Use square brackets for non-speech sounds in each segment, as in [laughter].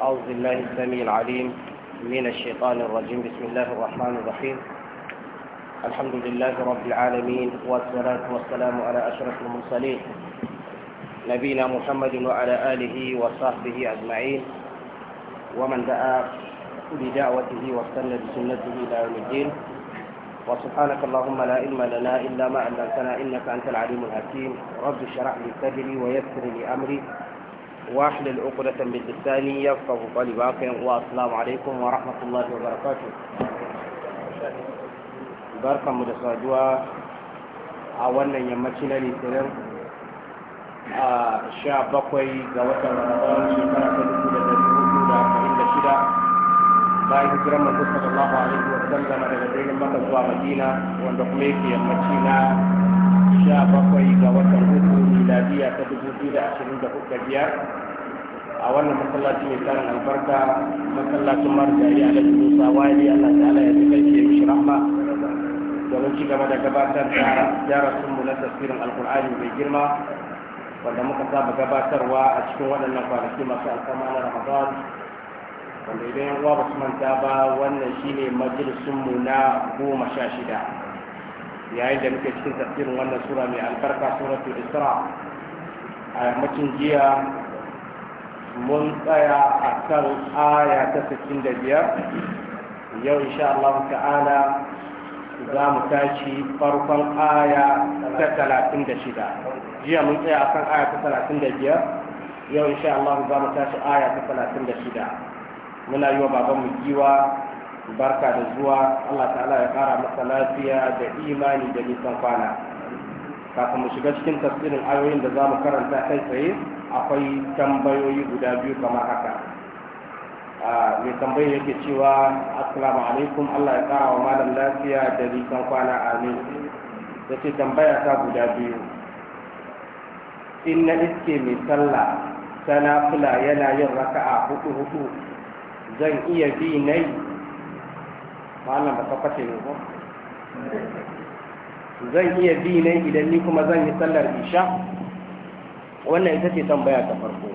أعوذ بالله السميع العليم من الشيطان الرجيم بسم الله الرحمن الرحيم الحمد لله رب العالمين والصلاة والسلام على أشرف المرسلين نبينا محمد وعلى آله وصحبه أجمعين ومن دعا بدعوته واستنى بسنته إلى يوم الدين وسبحانك اللهم لا علم لنا إلا ما علمتنا إنك أنت العليم الحكيم رب اشرح لي صدري ويسر لي أمري واحلل عقدة من لساني يفقه قولي باقي والسلام عليكم ورحمة الله وبركاته barkan mu da saduwa a wannan yammaci na litinin a ga watan shekara ta dubu da dari hudu da arba'in da shida bayan hijiran manzo sallallahu alaihi wa sallama daga birnin maka zuwa madina wanda kuma yake yammaci na sha bakwai ga watan uku miladiya ta dubu biyu da ashirin da da biyar a wannan masallaci mai tarin albarka masallacin marjari a lafi musa wali allah ta'ala ya tuka ke mishi rahma domin ci gaba da gabatar da darasin mu na tafsirin alkur'ani mai girma wanda muka saba gabatarwa a cikin waɗannan kwanaki masu alfama na ramadan wanda idan yan uwa ba su manta ba wannan shine majalisunmu na goma sha shida yayin da muke cikin tafsirin wannan sura mai albarka suratul isra a yammacin jiya mun tsaya a kan aya ta sittin da biyar yau insha Allah ta'ala za mu tashi farkon aya ta talatin da shida jiya mun tsaya a kan aya ta talatin da biyar yau insha Allah za mu tashi aya ta talatin da shida muna yi wa babanmu giwa barka da zuwa Allah ta'ala ya kara masa lafiya da imani da nisan kwana kafin mu shiga cikin tafsirin ayoyin da za mu karanta kai tsaye akwai tambayoyi guda biyu kamar haka mai tambayi yake cewa assalamu alaikum Allah ya kara wa malam lafiya da nisan kwana amin da ce tambaya ta guda biyu in na iske mai sallah ta nafila yana yin raka'a hudu hudu zan iya bi nai ba ne ba zan iya bi ne idan ni kuma zan yi sallar isha wannan ita ce tambaya ta farko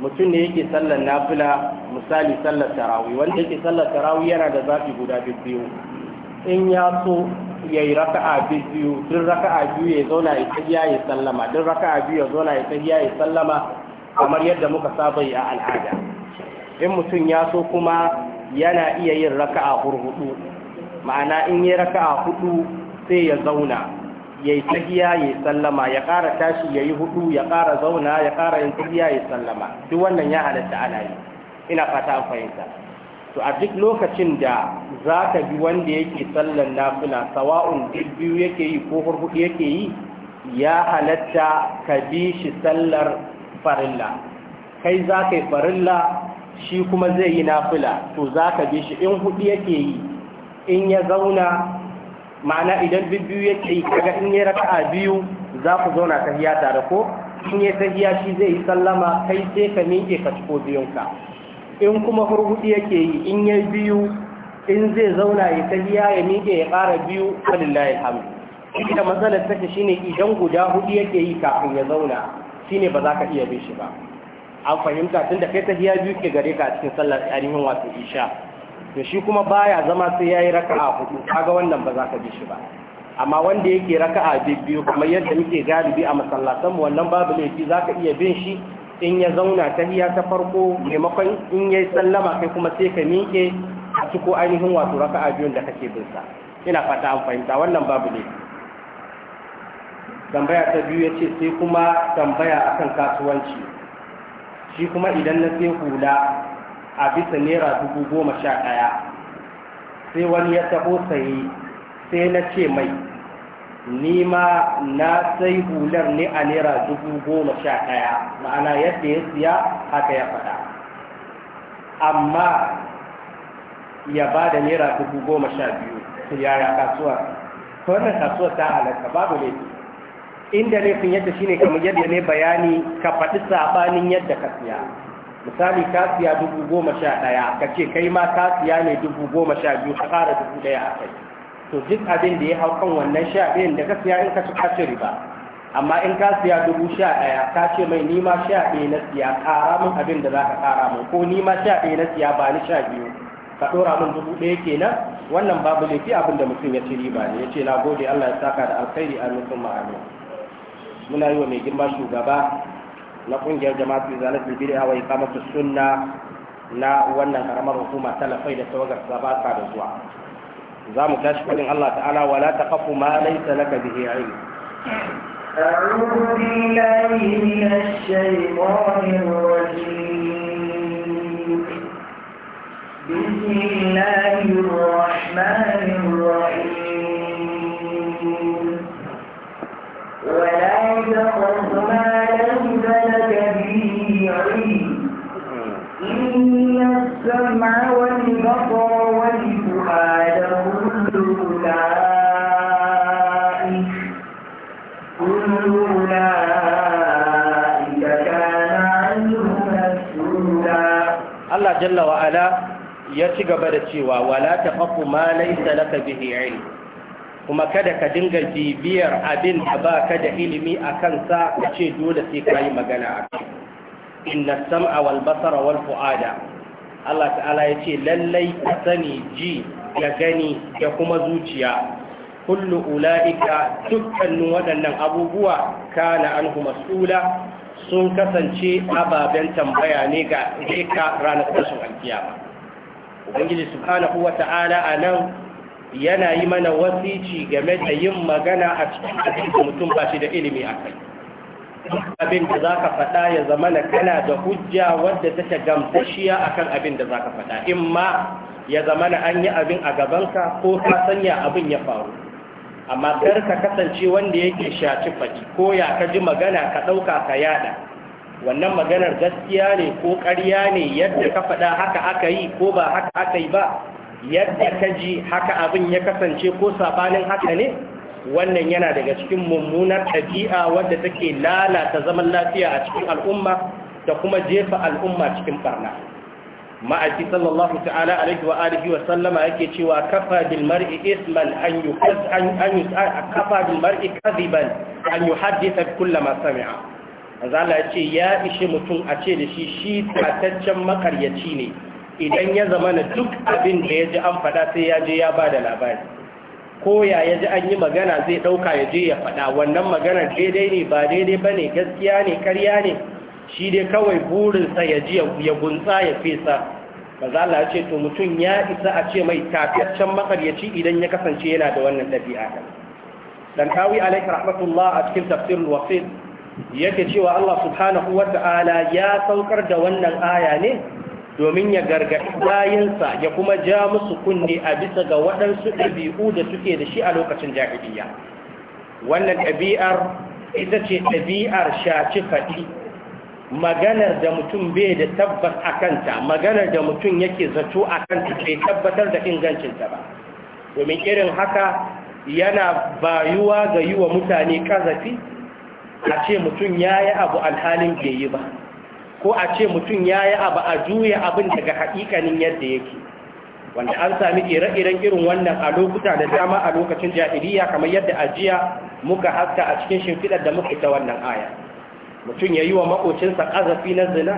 mutum ne yake sallar nafila misali sallar tarawih wanda yake sallar tarawih yana da zafi guda biyu in ya so ya yi raka'a biyu duk raka'a biyu ya zauna ya tahiya ya sallama duk raka'a biyu ya zauna ya tahiya ya sallama kamar yadda muka saba yi a al'ada in mutum ya so kuma yana iya yin raka'a hurhudu ma'ana in yi raka'a hudu sai ya zauna ya yi tsagiya ya sallama ya ƙara tashi ya yi hudu ya ƙara zauna ya ƙara yin tsagiya ya sallama duk wannan ya halatta ana yi ina fata an fahimta to a duk lokacin da za ka bi wanda yake sallan nafila sawa'un duk biyu yake yi ko hurhudu yake yi ya halatta ka bi shi sallar farilla kai za ka yi farilla shi kuma zai yi nafila to za ka bi shi in hudu yake yi in ya zauna ma'ana idan biyu yake yi kaga in ya raka'a biyu za ku zauna tahiya tare ko in ya tahiya shi zai yi sallama kai sai ka miƙe ka ciko biyunka in kuma hurhudu yake yi in ya biyu in zai zauna ya tahiya ya miƙe ya ƙara biyu alillahi hamdu ita matsalar take shine idan guda hudu yake yi kafin ya zauna shine ba za ka iya bi shi ba an fahimta tun da kai ta tahiya biyu ke gare ka a cikin sallar ainihin wato isha to shi kuma baya zama sai yayi raka'a hudu kaga wannan ba za ka bi shi ba amma wanda yake raka'a biyu kamar yadda muke galibi a masallatan mu wannan babu laifi zaka iya bin shi in ya zauna ta hiya ta farko maimakon in yayi sallama kai kuma sai ka miƙe a ciko ainihin wato raka'a biyun da kake bin sa ina fata an fahimta wannan babu laifi tambaya ta biyu yace sai kuma tambaya akan kasuwanci shi kuma idan na sai hula a bisa naira dubu goma sha ɗaya sai wani ya taho saye sai na ce mai nima na sai hular ne a naira dubu goma sha ɗaya ma'ana yadda ya siya haka ya faɗa amma ya ba da naira dubu goma sha biyu yaya kasuwa wannan kasuwa ta halarta babu laifi inda laifin yadda shine kamar yadda ne bayani ka faɗi saɓanin yadda ka siya misali ka siya dubu goma sha ɗaya ka ce kai ma ka siya ne dubu goma sha biyu ka ƙara dubu ɗaya a kai to duk abin da ya hau kan wannan sha ɗayan da ka siya in ka ci kaci riba amma in ka siya dubu sha ɗaya ka ce mai nima sha ɗaya na siya ƙara min abin da za ka ƙara min ko nima sha ɗaya na siya ba ni sha biyu ka ɗora min dubu ɗaya kenan wannan babu laifi abin da mutum ya ci riba ne ya ce na gode Allah ya saka da alkhairi a nufin ma'amin muna yi wa mai girma shugaba na kungiyar jama'atu izalatul a wa iqamatus sunna na wannan karamar hukuma talafai da tawagar sabata da zuwa za mu tashi fadin Allah ta'ala wala taqafu ma laysa laka bihi ilm أعوذ بالله من الشيطان الرجيم بسم الله الرحمن الرحيم jalla wa'ala ya ci gaba da cewa wala taqafu ma laysa laka bihi ilm kuma kada ka dinga bibiyar abin da ba ka da ilimi a kansa a ce dole sai ka yi magana a inna sam'a wal basara wal fu'ada Allah ta'ala ya ce lallai ka sani ji ya gani ya kuma zuciya kullu ula'ika dukkanin waɗannan abubuwa kana anhu mas'ula sun kasance ababen tambaya ne ga ka ranar tashin alkiyama ubangiji subhanahu ta'ala a nan yana yi mana wasici game da yin magana a cikin abin da mutum ba shi da ilimi a kai abin da za ka faɗa ya zama na kana da hujja wadda take shiya a kan abin da za ka faɗa in ma ya zama na an yi abin a gabanka ko ka sanya abin ya faru amma kar ka kasance wanda yake shaci faɗi ko ya ka ji magana ka ɗauka ka yaɗa wannan maganar gaskiya ne ko ƙarya ne yadda ka faɗa haka aka yi ko ba haka aka yi ba yadda ka ji haka abin ya kasance ko sabanin haka ne wannan yana daga cikin mummunar ɗabi'a wadda take lalata zaman lafiya a cikin al'umma da kuma jefa al'umma cikin barna ma'aiki sallallahu ta'ala alaihi wa alihi wa sallama yake cewa kafa bil mar'i isman an yukaz an kafa bil mar'i kadhiban an yuhaddisa sami'a ya ishe mutum a ce da shi shi tataccen makaryaci ne idan ya zama na duk abin da ya ji an faɗa sai ya je ya ba da labari ko ya ya ji an yi magana zai ɗauka ya je ya faɗa wannan magana daidai ne ba daidai ba ne gaskiya ne karya ne shi dai kawai burinsa ya ji ya gunsa ya fesa ba za la ce to mutum ya isa a ce mai tafiyaccen makaryaci idan ya kasance yana da wannan ɗabi'a dan kawi rahmatullah a cikin tafsirul wasil yake cewa Allah subhanahu ya saukar da wannan aya ne domin ya gargaɗi bayansa ya kuma ja musu kunne a bisa ga waɗansu ɗabi'u da suke da shi a lokacin jahiliya wannan ɗabi'ar ita ce ɗabi'ar shaci faɗi maganar da mutum bai da tabbas a kanta maganar da mutum yake zato a kanta bai tabbatar da ingancinta ba domin irin haka yana bayuwa ga yi wa mutane ƙazafi a ce mutum ya yi abu alhalin bai yi ba ko a ce mutum ya yi abu a juya abin daga haƙiƙanin yadda yake wanda an sami ire-iren irin wannan a lokuta da dama a lokacin jahiliya kamar yadda ajiya muka haska a cikin shimfidar da muka ita wannan aya mutum ya yi wa makocinsa ƙazafi na zina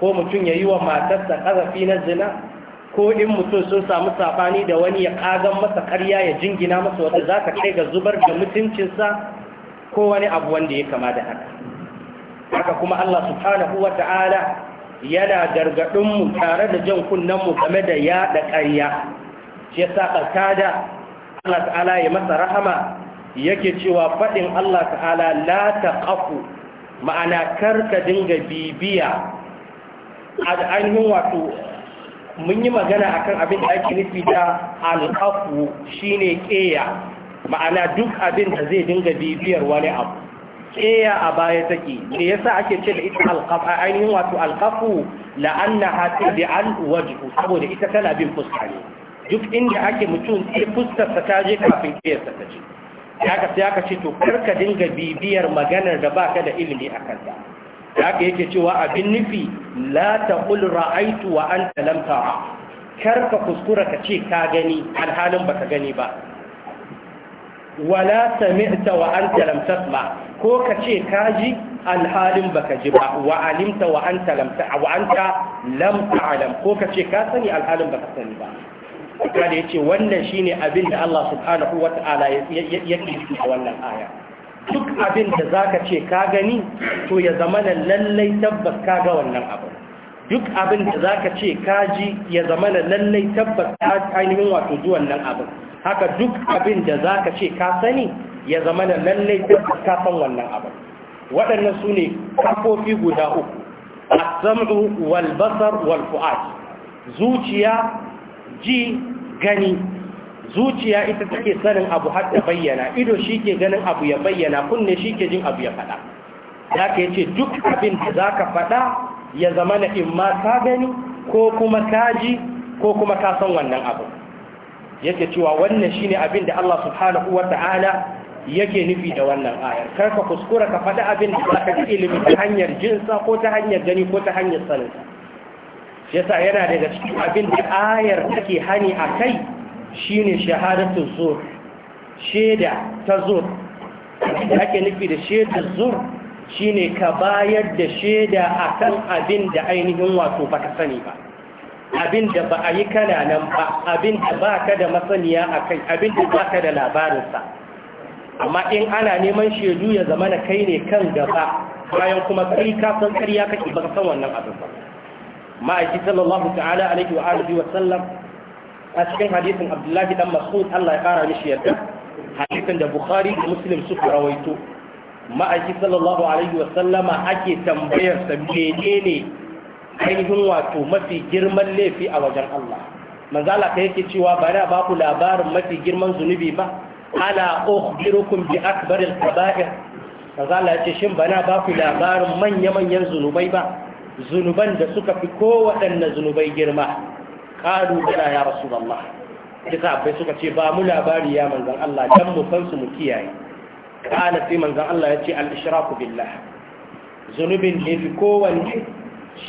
ko mutum ya yi wa matarsa ƙazafi na zina ko in mutum sun samu saɓani da wani ya ƙazan masa ƙarya ya jingina masa wata za ka kai ga zubar da mutuncinsa ko wani abu wanda ya kama da haka haka kuma Allah subhanahu wa ta'ala yana gargaɗinmu tare da jan mu game da yaɗa ƙarya shi yasa da. Allah ta'ala ya masa rahama yake cewa faɗin Allah ta'ala la taqafu ma'ana karka dinga bibiya a ainihin wato mun yi magana akan abin da ake nufi da al'afu shine ƙeya ma'ana duk abin da zai dinga bibiyar wani abu tsaya a baya take me yasa ake ce da ita alqaf ainihin wato alqafu la'annaha an wajhu saboda ita tana bin fuska ne duk inda ake mutum sai fuskar ta je kafin kiyarsa ta ce haka sai aka ce to karka dinga bibiyar maganar da baka da ilimi a kanta haka yake cewa abin nufi la taqul ra'aytu wa anta lam ta'a karka kuskura ka ce ka gani alhalin baka gani ba wala sami'ta wa anta lam tasma ko ka ce kaji alhalin baka ji ba wa alimta wa anta lam ta wa anta lam ta'lam ko kace ka sani alhalin baka sani ba kada yace wannan shine abin da Allah subhanahu wata'ala ya yi a wannan aya duk abin da zaka ce ka gani to ya zama lallai tabbas ka ga wannan abin duk abin da za ka ce kaji ya zama na lallai tabbas ainihin wato zuwan nan abin haka duk abin da za ka ce ka sani ya zama na lallai tabbas ka san wannan abin waɗannan su ne kafofi guda uku a zamu walbasar walfu'ad zuciya ji gani zuciya ita take sanin abu har bayyana ido shi ke ganin abu ya bayyana kunne shi ke jin abu ya faɗa za ka yace duk abin da za ka faɗa ya zama na imma ka gani ko kuma ka ji ko kuma ka san wannan abu yake cewa wannan shine abin da Allah subhanahu wa ta'ala yake nufi da wannan ayar kar ka kuskura ka faɗi abin da ka ji ilimi ta hanyar jinsa ko ta hanyar gani ko ta hanyar sanin yasa yana daga cikin abin da ayar take hani a kai shine shahadatu zur sheda ta zur yake ake nufi da shedar zur Shi ne ka bayar da shaida a kan abin da ainihin wato baka sani ba abin da ba a yi kana nan ba abin da ba ka da masaniya a kai abin da ba ka da labarinsa amma in ana neman shaidu ya zama na kai ne kan gaba bayan kuma kai ka san karya kake ba san wannan abin ba ma'aiki sallallahu ta'ala alaihi wa alihi wa sallam a cikin hadisin abdullahi dan mas'ud Allah ya kara mishi yarda hadisin da bukhari da muslim suka rawaito ma'aiki sallallahu alaihi wasallama ake tambayarsa menene ainihin wato mafi girman laifi a wajen Allah manzala ta yake cewa ba na baku labarin mafi girman zunubi ba ala ukhbirukum bi akbaril kaba'ir manzala yace shin ba na baku labarin manya-manyan zunubai ba zunuban da suka fi kowaɗanne zunubai girma qalu bala ya rasulullah Kisa bai suka ce ba mu labari ya manzan Allah dan mu san su mu kiyaye ƙala sai manzan Allah ya ce al'ishiraku billah zunubin da fi kowanne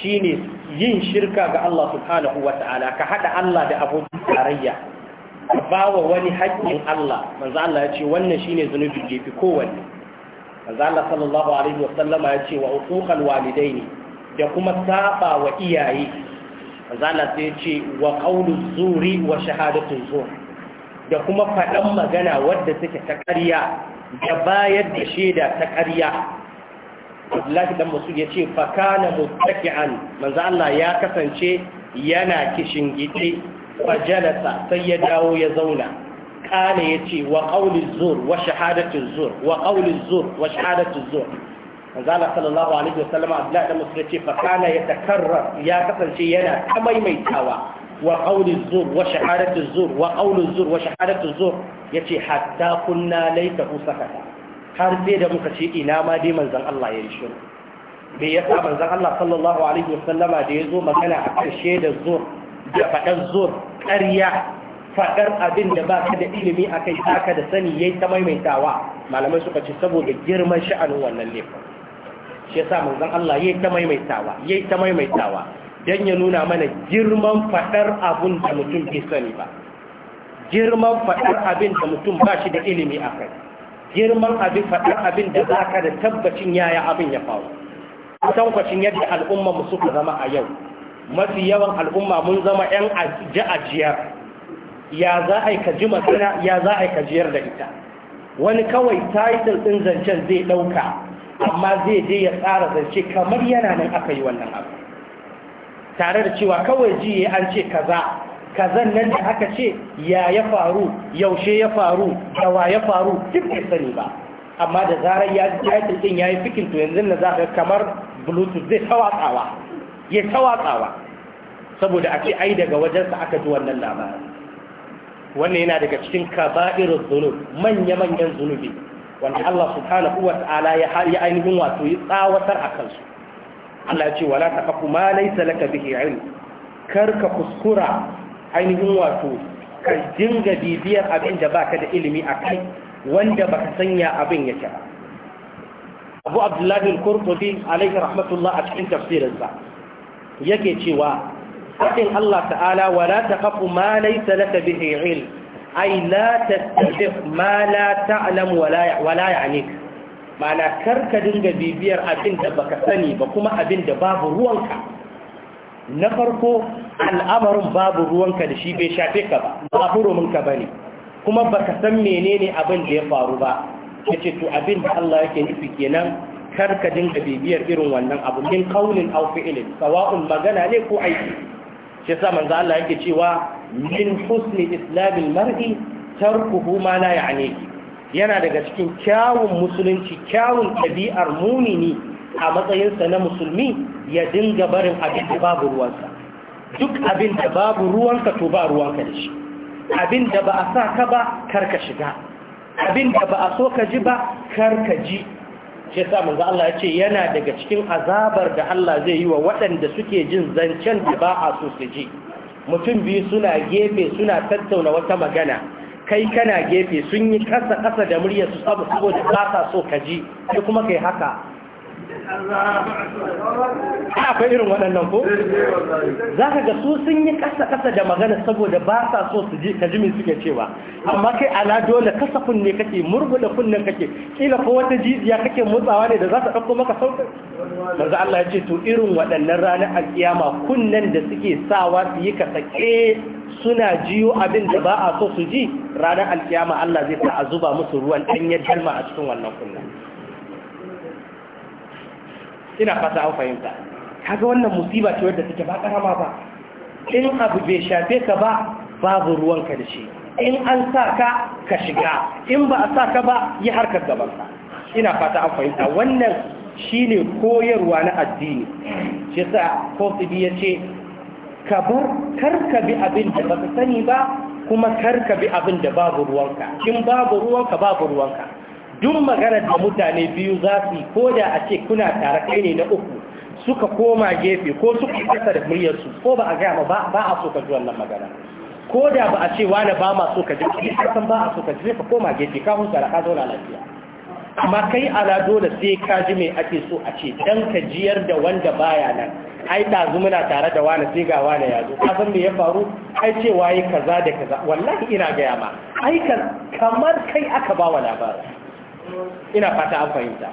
shi ne yin shirka ga Allah subhanahu wa ta'ala ka haɗa Allah da abokin tarayya ka ba wa wani haƙƙin Allah manzan Allah ya ce wannan shi ne zunubin da fi kowanne manzan Allah sallallahu alaihi wasallama ya ce wa walidai ne da kuma saba wa iyaye manzan Allah sai ya ce wa qawlu zuri wa shahadatu zur da kuma faɗan magana wadda take ta ƙarya da bayar da shaida ta ƙarya Abdullahi dan Masud ya ce fa kana muttaki'an manzo Allah ya kasance yana kishin gidi fa jalasa sai ya dawo ya zauna kana yace wa qawli zur wa shahadatu zur wa qawli zur wa shahadatu zur manzo Allah sallallahu alaihi wasallam Abdullahi dan Masud ya ce fa kana yatakarrar ya kasance yana ta maimaitawa wa qawli zur wa shahadatu zur wa qawlu zur wa shahadatu zur yace hatta kunna laita sakata har sai da muka ce ina ma dai manzon Allah ya yi shiru me yasa manzon Allah sallallahu alaihi wasallama da yazo magana a karshe da zur da fadar zur ƙarya fadar abin da ba ka da ilimi akai haka da sani yayi ta maimaitawa malamai suka ci saboda girman sha'anin wannan laifin shi Allah yayi yayi ta maimaitawa don ya nuna mana girman faɗar abin da mutum bai sani ba girman faɗar abin da mutum ba shi da ilimi a kai girman abin faɗar abin da za ka da tabbacin yaya abin ya faru kwacin yadda al'umma mu suka zama a yau mafi yawan al'umma mun zama 'yan ajiyar ya za a yi ka ji magana ya za a yi ka jiyar da ita wani kawai title ɗin zancen zai ɗauka amma zai je ya tsara zance kamar yana nan aka yi wannan abu tare da cewa kawai ji an ce kaza kazan nan da aka ce ya ya faru yaushe ya faru dawa ya faru duk bai sani ba amma da zarar ya ji din yayi fikin to yanzu na zaka kamar bluetooth zai tawatsawa ya tawatsawa saboda a ce ai daga wajensa aka ji wannan labarin wannan yana daga cikin kaba'irul zunub manya manyan zunubi wanda Allah subhanahu wa ta'ala ya har ya ainihin wato ya tsawatar a kansu Allah ya ce wala taqfu ma laysa laka bihi ilm kar ka kuskura ainihin wato ka dinga bibiyar abin da baka da ilimi a kai wanda baka sanya abin yake ba Abu Abdullahi al-Qurtubi alayhi rahmatullah a cikin tafsirinsa yake cewa fadin Allah ta'ala wala taqfu ma laysa laka bihi ilm ay la tattabi ma la ta'lam wala wala ya'nik Ma'ana kar ka dinga bibiyar abin da baka sani ba kuma abin da babu ruwanka na farko al'amarin babu ruwanka da shi bai shafe ka ba buru rominka ba ne kuma baka san menene abin da ya faru ba ya ce to abin da Allah yake nufi kenan karka dinga bibiyar irin wannan abu min kaunin aw fi'ilin sawa'un magana ne ko aiki shi yasa manzo Allah yake cewa min husni islamil mar'i tarkuhu ma la ya'nihi yana daga cikin kyawun musulunci kyawun ɗabi'ar mumini a matsayinsa na musulmi ya dinga barin abin da babu ruwansa duk abin da babu ruwanka to ba ruwanka da shi abin da ba a sa ka ba karka shiga abin da ba a so ka ji ba karka ji shi sa manzo Allah ya ce yana daga cikin azabar da Allah zai yi wa waɗanda suke jin zancen da ba a so su ji mutum biyu suna gefe suna tattauna wata magana kai kana gefe sun yi kasa-kasa da murya su sabu saboda kasa so ka ji ya kuma kai haka akwai irin waɗannan ko za ka ga su sun yi kasa-kasa da magana saboda ba sa so su ji ka ji mai suke cewa amma kai ala dole kasa kunne kake murgula kunnen kake kila ko wata jijiya kake motsawa ne da za ta ɗauko maka sauƙi manzo Allah ya ce to irin waɗannan ranar alƙiyama kunnen da suke sawa su yi ka sake suna jiyo abin da ba a so su ji ranar alkiyama Allah zai sa a zuba musu ruwan ɗanyen dalma a cikin wannan kunna ina fata an fahimta kaga wannan musiba ce wadda take ba karama ba in abu bai shafe ka ba babu ruwanka da shi in an sa ka ka shiga in ba a sa ka ba yi harkar gaban ka, ina fata an fahimta wannan shine koyarwa na addini shi sa kofi ya ce ka bar karka bi abin da ba sani ba kuma karka bi abin da babu ruwanka in babu ruwanka babu ruwanka duk maganar da mutane biyu za su yi ko da a ce kuna tare kai ne na uku suka koma gefe ko suka yi kasa da muryarsu ko ba a gaya ba ba a so ka ji wannan magana ko da ba a ce wani ba ma so ka ji a san ba a so ka ji ka koma gefe ka huta da ka zauna lafiya amma kai ala dole sai ka ji mai ake so a ce dan ka jiyar da wanda baya nan ai ɗazu muna tare da wani sai ga wani ya zo kasan me ya faru ai ce waye kaza da kaza wallahi ina gaya ma ai kamar kai aka ba wa labarin ina fata an fahimta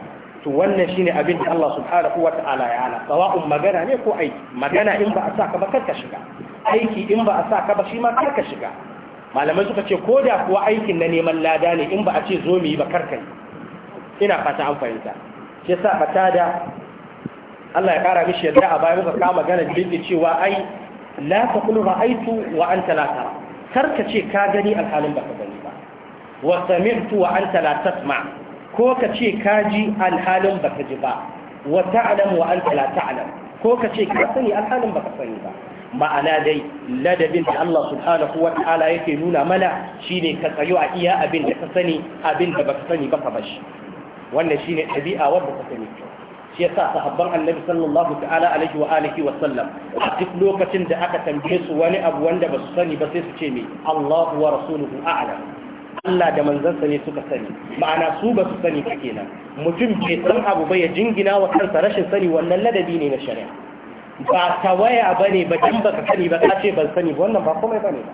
to wannan shine abin da Allah subhanahu wa ta'ala ya ala sawa'un magana ne ko aiki magana in ba a sa ka ba ka shiga aiki in ba a sa ka ba shi ma kar ka shiga malamai suka ce ko da kuwa aikin na neman lada ne in ba a ce zo mu yi ba kar ka yi ina fata an fahimta shi yasa da? Allah ya kara mishi yadda a baya muka kama gana jirgi cewa ai la ta kullu ra'aitu wa anta la tara karka ce ka gani alhalin baka gani ba wa sami'tu wa anta la tasma ko ka ce ka ji alhalin baka ji ba wa ta'lamu wa anta la ta'lam ko ka ce ka sani alhalin baka sani ba ma'ana dai ladabin da Allah subhanahu wa ta'ala yake nuna mana shine ka tsayo a iya abin da ka sani abin da baka sani ba ka bashi wannan shine ɗabi'a wadda ka sani kyau shi yasa sahabban annabi sallallahu ta'ala alaihi wa alihi wa sallam a duk lokacin da aka tambaye su wani abu wanda ba su sani ba sai su ce me Allahu wa rasuluhu a'lam Allah da manzansa ne suka sani ma'ana su ba su sani ba kenan mutum bai san abu ba ya jingina wa kansa rashin sani wannan ladabi ne na shari'a ba tawaya bane ba dan baka sani ba ka ce ban sani ba wannan ba komai bane ba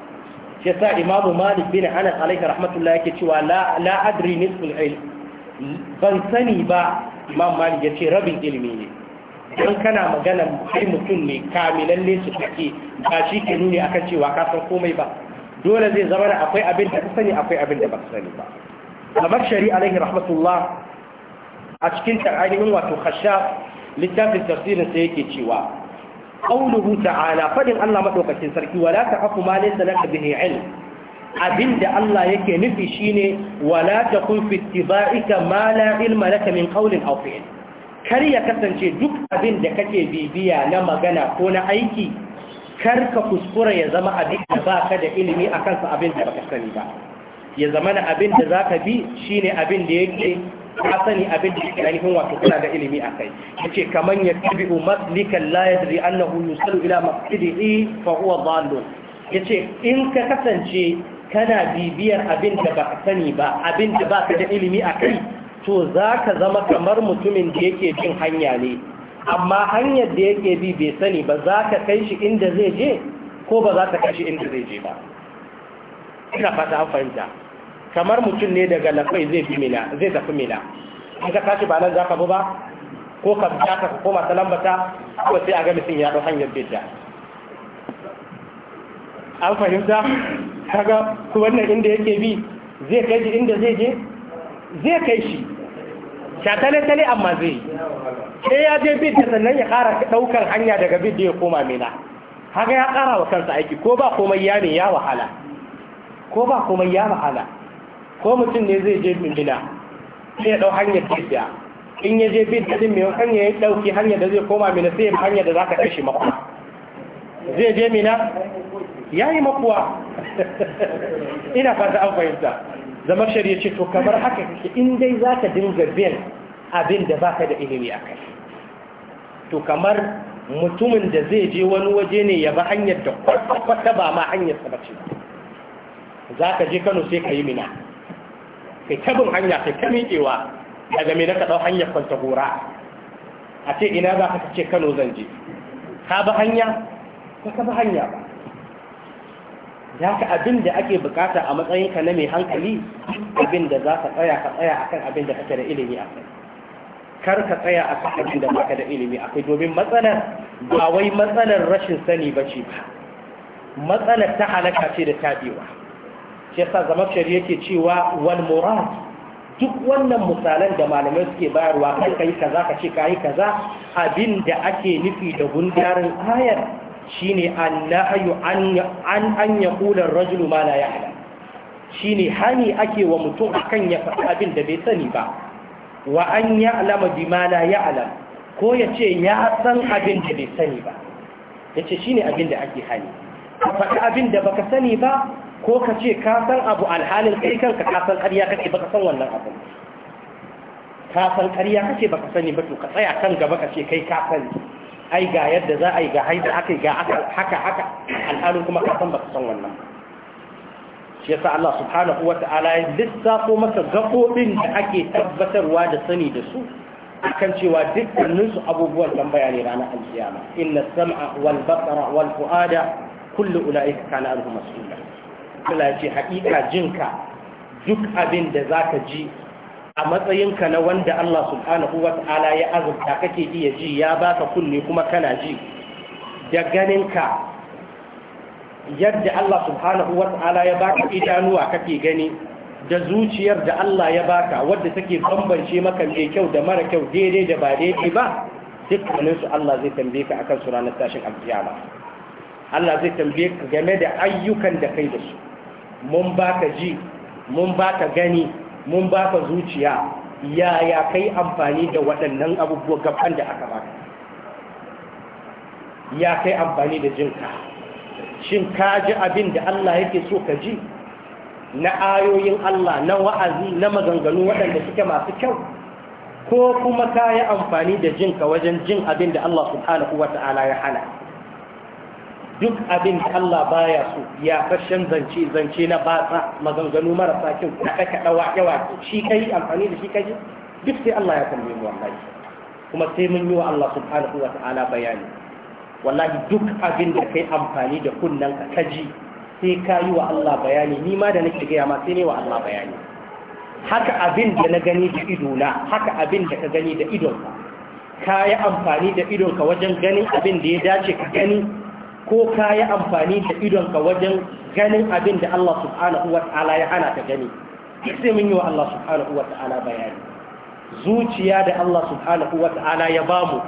shi yasa imamu malik bin anas alaihi rahmatullahi yake cewa la la adri nisful ilm ban sani ba imam malik ya ce rabin ilimi ne don kana magana kai mutum ne kamilalle su take ba shi ke nuni akan cewa ka san komai ba dole zai zama da akwai abin da ka sani akwai abin da ba ka sani ba kamar shari'a alaihi rahmatullah a cikin tar'ainihin wato khashaf littafin tafsirin sai yake cewa qauluhu ta'ala fadin Allah madaukakin sarki wala ta'afu ma laysa laka bihi ilm abinda Allah yake nufi shine wala takun fi tibaika ma la ilma laka min qawlin aw fi'l kar ya kasance duk abin da kake bibiya na magana ko na aiki kar ka kuskura ya zama abin da baka da ilimi akan sa abin da baka sani ba ya zama na abin da zaka bi shine abin da yake ka sani abin da yake ainihin wato kuna da ilimi akai yace kaman ya yattabi'u maslikan la yadri annahu yusallu ila maqsadihi fa huwa dhallun yace in ka kasance kana bibiyar abin da ba ka sani ba abin da ba ka da ilimi a kai to za ka zama kamar mutumin da yake jin hanya ne amma hanyar da yake bi bai sani ba za ka kai shi inda zai je ko ba za ka kai shi inda zai je ba ina fata an fahimta kamar mutum ne daga lafai zai bi mina zai tafi mina in ka tashi ba nan za ka bi ba ko ka bi ka koma ta lambata ko sai a ga mutum ya ɗau hanyar bidda an fahimta kaga wannan inda yake bi zai kai shi inda zai je zai kai shi shatale-tale amma zai ke ya je bid da sannan ya kara daukar hanya daga bid da ya koma mina haka ya kara wa kansa aiki ko ba komai ya ne ya wahala ko ba komai ya wahala ko mutum ne zai je mina sai ya dau hanyar tafiya in ya je bid da din mai hanya ya dauki hanyar da zai koma mina sai ya hanyar da zaka kashe makuwa zai je mina yayi makuwa [laughs] ina fata an fahimta zama shari'a ce to kamar haka kake in dai za ka dinga bin abin da ba ka da ilimi a kai to kamar mutumin da zai je wani waje ne ya ba hanyar da kwata ba ma hanyar sa bace za ka je kano sai ka yi mina kai tabin hanya kai ta miƙewa daga na ka ɗau hanyar kwanta gora a ce ina za ka ce kano zan je ka ba hanya ka ba hanya ba Da ka abin da ake bukata a matsayinka na mai hankali abin da za ka tsaya ka tsaya akan abin da kake da ilimi a kai kar ka tsaya a kan abin da baka da ilimi akai domin matsalar ba wai matsalar rashin sani ba ce ba matsalar ta halaka ce da tabewa shi yasa zamakshari yake cewa wal murad duk wannan misalan da malamai suke bayarwa kai kai kaza ka ce kai kaza abin da ake nufi da gundarin ayar shi ne an an yaqula ar-rajulu ma hada shi shine hani ake wa mutum akan ya faɗi abin da bai sani ba wa an ya ma na ya alam ko ya ce ya san abin da bai sani ba yace shine abin da ake hani ka faɗi abin da baka sani ba ko ka ce ka san abu alhalin kai kanka ka san ƙarya kake baka san wannan abu ka san ƙarya kake baka sani ba to ka tsaya kan gaba ka ce kai ka sani ai ga yadda za a yi ga haida aka yi ga haka haka al'adun kuma ka san ba ka san wannan shi yasa Allah subhanahu wata'ala ya lissafo masa gaɓoɓin da ake tabbatarwa da sani da su akan cewa dukkaninsu abubuwan tambaya ne ranar alkiyama inna sam'a wal basara wal fu'ada kullu ula'ika kana anhu mas'ula Allah ya ce haƙiƙa jinka duk abin da zaka ji a matsayinka na wanda Allah subhanahu wa ta'ala ya azurta kake iya ji ya baka kunne kuma kana ji da ganinka yadda Allah subhanahu wa ta'ala ya baka idanuwa kake gani da zuciyar da Allah ya baka wadda take bambance maka mai kyau da mara kyau daidai da ba daidai ba su Allah zai tambaye ka akan su ranar tashin alkiyama Allah zai tambaye ka game da ayyukan da kai da su mun baka ji mun baka gani mun ba ka zuciya yaya kai amfani da waɗannan abubuwa gaban da aka ba ya kai amfani da jinka shin ka ji abin da Allah yake so ka ji na ayoyin Allah na wa'azi na maganganu waɗanda suke masu kyau ko kuma ka yi amfani da jinka wajen jin abin da Allah subhanahu wa ta'ala ya hana duk abin da Allah baya su ya fashin zance zance na batsa maganganu marasa kyau na kaka dawa yawa shi kai amfani da shi kai duk sai Allah ya tambaye mu wallahi kuma sai mun yi wa Allah subhanahu wa ta'ala bayani wallahi duk abin da kai amfani da kunnan ka kaji sai ka yi wa Allah bayani ni ma da nake gaya ma sai ne wa Allah bayani haka abin da na gani da idona haka abin da ka gani da idonka ka yi amfani da idonka wajen ganin abin da ya dace ka gani ko ka yi amfani da idonka wajen ganin abin da Allah subhanahu wa ta'ala ya hana ka gani duk sai mun yi wa Allah subhanahu wa ta'ala bayani zuciya da Allah subhanahu wa ta'ala ya bamu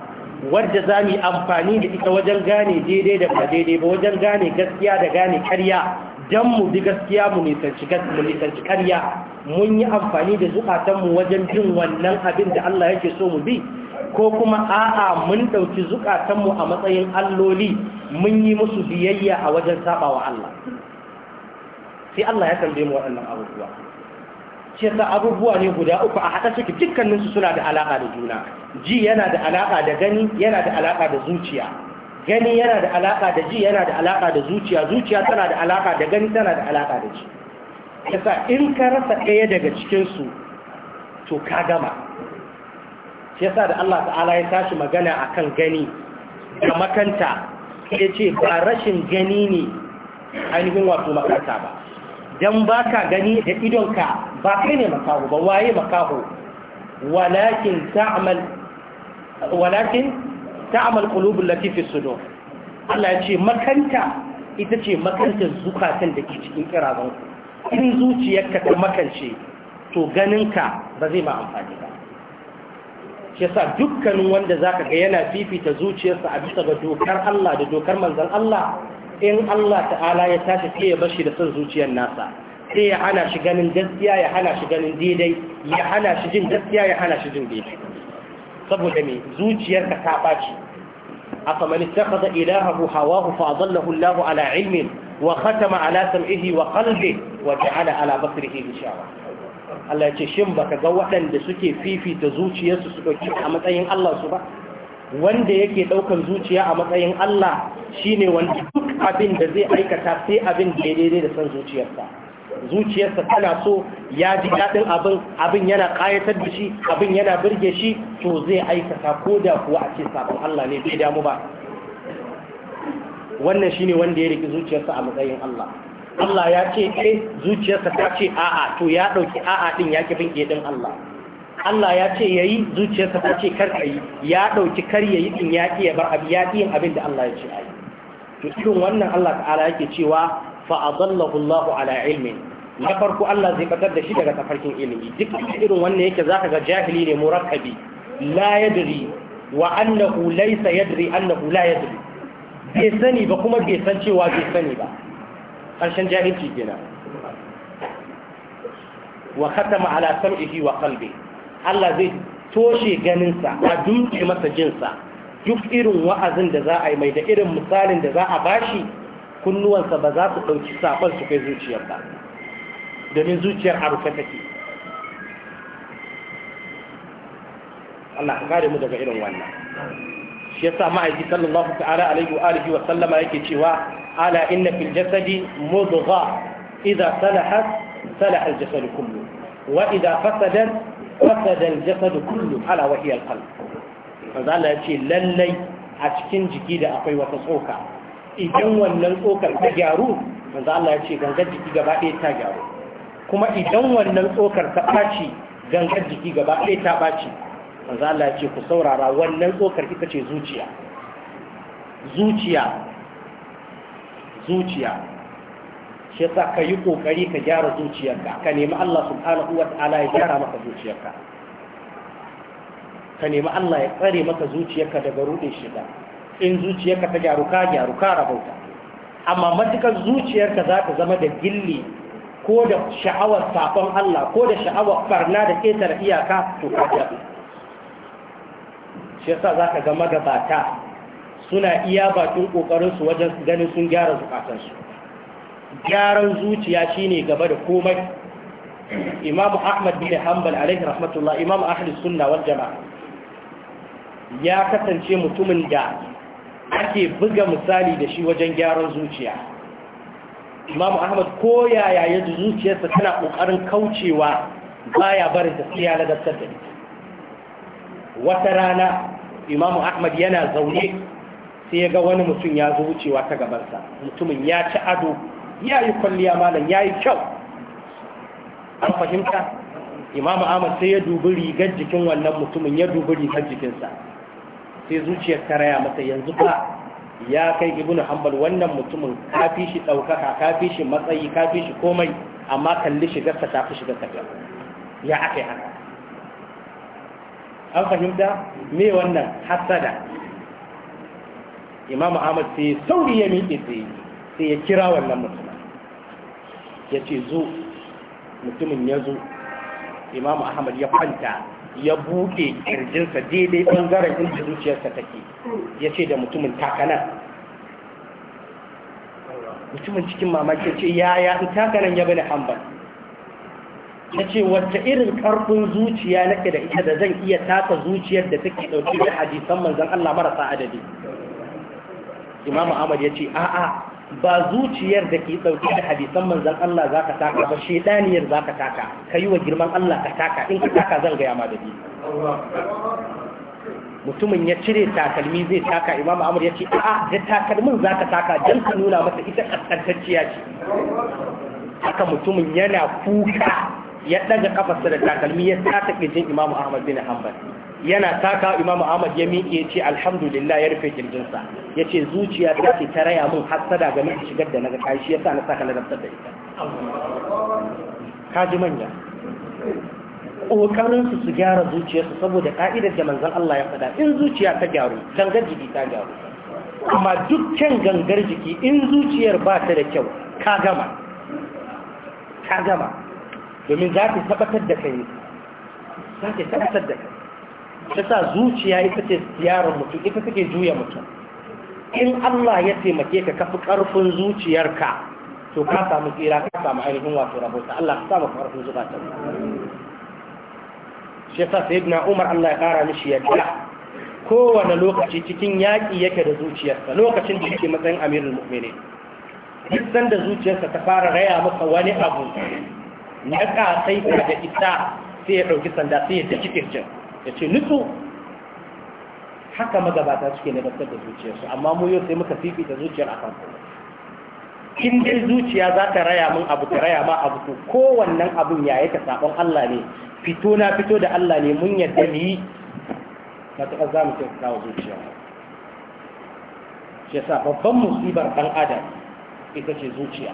wadda za mu yi amfani da ita wajen gane daidai da ba daidai ba wajen gane gaskiya da gane karya don mu bi gaskiya mu nisanci karya mun yi amfani da zukatanmu wajen bin wannan abin da Allah yake so mu bi ko kuma a'a mun ɗauki zukatanmu a matsayin alloli mun yi musu biyayya a wajen saba wa Allah sai Allah ya tambaye mu waɗannan abubuwa ce ta abubuwa ne guda uku a haɗa suke dukkaninsu suna da alaƙa da juna ji yana da alaƙa da gani yana da alaƙa da zuciya gani yana da alaƙa da ji yana da alaƙa da zuciya zuciya tana da alaƙa da gani tana da alaƙa da ji yasa in ka rasa ɗaya daga cikinsu to ka gama shi yasa da Allah ta'ala ya tashi magana a kan gani da makanta ya ce ba rashin gani ne ainihin wato makanta ba don ba ka gani da idonka ba kai ne makaho ba waye makaho walakin ta'amal ƙulubun latifin sudo Allah ya ce makanta ita ce makantar zukatan da ke cikin ku. in zuciyarka ta makance to ganinka ba zai ma amfani ba shi sa dukkanin wanda za ka ga yana fifita zuciyarsa a bisa ga dokar Allah da dokar manzan Allah in Allah ta'ala ya tashi sai ya bashi da son zuciyar nasa sai ya hana shi ganin gaskiya ya hana shi ganin daidai ya hana shi jin gaskiya ya hana shi jin daidai saboda me zuciyarka ta ɓaci أفمن اتخذ إلهه هواه فأضله الله على علم sam'ihi wa سمعه وقلبه وجعل على بصره غشاوة Allah ce shin baka ga waɗanda suke fifita zuciyarsu su dauki a matsayin Allah su ba wanda yake ɗaukan zuciya a matsayin Allah shine wanda duk abin da zai aikata sai abin da ya daidai da san zuciyarsa zuciyarsa tana so ya ji daɗin abin abin yana ƙayatar da shi abin yana birge shi to zai aikata ko da kuwa a ce sabon Allah ne bai damu ba wannan shine wanda ya rike zuciyarsa a matsayin Allah Allah ya ce ke eh, zuciyarsa ta ce a'a to ya ɗauki a'a ɗin ya kifin ɗin Allah Allah ya ce ya yi zuciyarsa ta ce kar yi ya ɗauki kar ya yi ɗin ya ƙiya bar abu ya ƙiyin abin da Allah ya ce a yi to cikin wannan Allah ta'ala yake cewa fa'azallahu Allahu ala ilmin na farko Allah zai fitar da shi daga tafarkin ilimi duk irin wannan yake zaka ga jahili ne murakkabi la yadri wa annahu laysa yadri annahu la yadri bai sani ba kuma bai san cewa bai sani ba ƙarshen jahilci kenan wa katama ala sam'ihi wa qalbi Allah zai toshe ganinsa a dumke masa jinsa duk irin wa'azin da za a yi mai da irin misalin da za a bashi kunnuwansa ba za su ɗauki saɓon su kai zuciyar ba domin zuciyar a rufe take Allah ka kare mu daga irin wannan shi yasa ma'aiki sallallahu ta'ala alaihi wa alihi wa sallama yake cewa ala inna fil jasadi mudgha idza salahat salaha al jasad kullu wa idza fasadat ala wa hiya al qalb lallai a cikin jiki da akwai wata tsoka idan wannan tsokar ta gyaru manzo Allah jiki gaba ɗaya ta gyaru kuma idan wannan ta ɓaci jiki gaba ɗaya ta ɓaci ku saurara wannan tsokar ita ce zuciya zuciya shi yasa ka yi kokari ka gyara zuciyarka ka nemi Allah subhanahu wa ta'ala ya gyara maka zuciyarka ka nemi Allah ya tsare maka zuciyarka daga rudin shiga in zuciyarka ta gyaru ka gyaru ka rabauta amma matukar zuciyarka za ta zama da gilli ko da sha'awar safon Allah ko da sha'awar farna da ƙetare iyaka to ka gyaru shi yasa za ka ga magabata suna iya bakin ƙoƙarinsu wajen ganin sun gyara zukatansu gyaran zuciya shine gaba da komai imam ahmad bin hanbal alaihi rahmatullah imam ahli sunna wal jama'a ya kasance mutumin da ake buga misali da shi wajen gyaran zuciya imam ahmad ko yaya ya zuciyarsa tana ƙoƙarin kaucewa baya barin tafiya na daftar da wata rana imam ahmad yana zaune sai ya ga wani mutum ya zo wucewa ta gabansa mutumin ya ci ado ya yi kwalliya malam ya yi kyau an fahimta imamu ahmad sai ya dubi rigar jikin wannan mutumin ya dubi rigar jikinsa sai zuciyar ta raya masa yanzu ba ya kai ibnu hanbal wannan mutumin kafi shi ɗaukaka kafi shi matsayi kafi shi komai amma kalli shigarsa ta fi shigarsa kyau ya aka yi haka an fahimta me wannan hasada imam ahmad sai sauri ya miƙe sai sai ya kira wannan mutum ya ce zo mutumin ya zo imam ahmad ya kwanta ya buɗe ƙirjinsa daidai ɓangaren inda zuciyarsa take ya ce da mutumin takanan mutumin cikin mamaki ya ce yaya in takanan ya bane hanbal ya ce wacce irin ƙarfin zuciya nake da ita da zan iya taka zuciyar da take ɗauki da hadisan manzan Allah marasa adadi imamu ahmad ya ce a'a ba zuciyar da ke ɗauke da hadisan manzan Allah za ka taka ba shaidaniyar za ka taka ka yi wa girman Allah ka taka in ka taka zan gaya ma da biyu mutumin ya cire takalmi zai taka imamu ahmad ya ce a'a da takalmin za ka taka don ka nuna masa ita ƙasƙantacciya ce haka mutumin yana kuka ya ɗaga kafarsa da takalmi ya taka ƙirjin imamu ahmad bin hanbal yana taka imamu ahmad ya miƙe ce alhamdulillah ya rufe kirjinsa ya ce zuciya ta ce ta raya mun hassada game da shigar da na ga kashi ya sa na saka ladabtar da ita kaji manya ƙoƙarinsu su gyara zuciyarsu saboda ƙa'idar da manzan Allah ya faɗa in zuciya ta gyaru gangar jiki ta gyaru amma dukkan gangar jiki in zuciyar ba ta da kyau ka gama ka gama domin za ta tabbatar da kai za ta tabbatar da kai ta sa zuciya ita ce siyarar mutum ita take juya mutum in Allah ya taimake ka kafi karfin zuciyarka to ka samu tsira ka samu ainihin wato rahoto? Allah ka samu karfin zubatar shi yasa sayyidina Umar Allah ya kara mishi kira kowane lokaci cikin yaƙi yake da zuciyarsa lokacin da yake matsayin amirul mu'minin duk sanda zuciyarsa ta fara raya masa wani abu na ƙasaita ga ita sai ya ɗauki sanda sai ya ta kirjin ya ce nutsu haka magabata suke daftar da zuciyarsu amma mu yau sai muka da zuciyar akan kuma in dai zuciya za ta raya min abu ta raya ma abu to kowannan abun ya yi ta sabon Allah ne fito na fito da Allah ne mun yadda mu yi matuƙar za mu kai kawo zuciya shi yasa babban musibar ɗan adam ita ce zuciya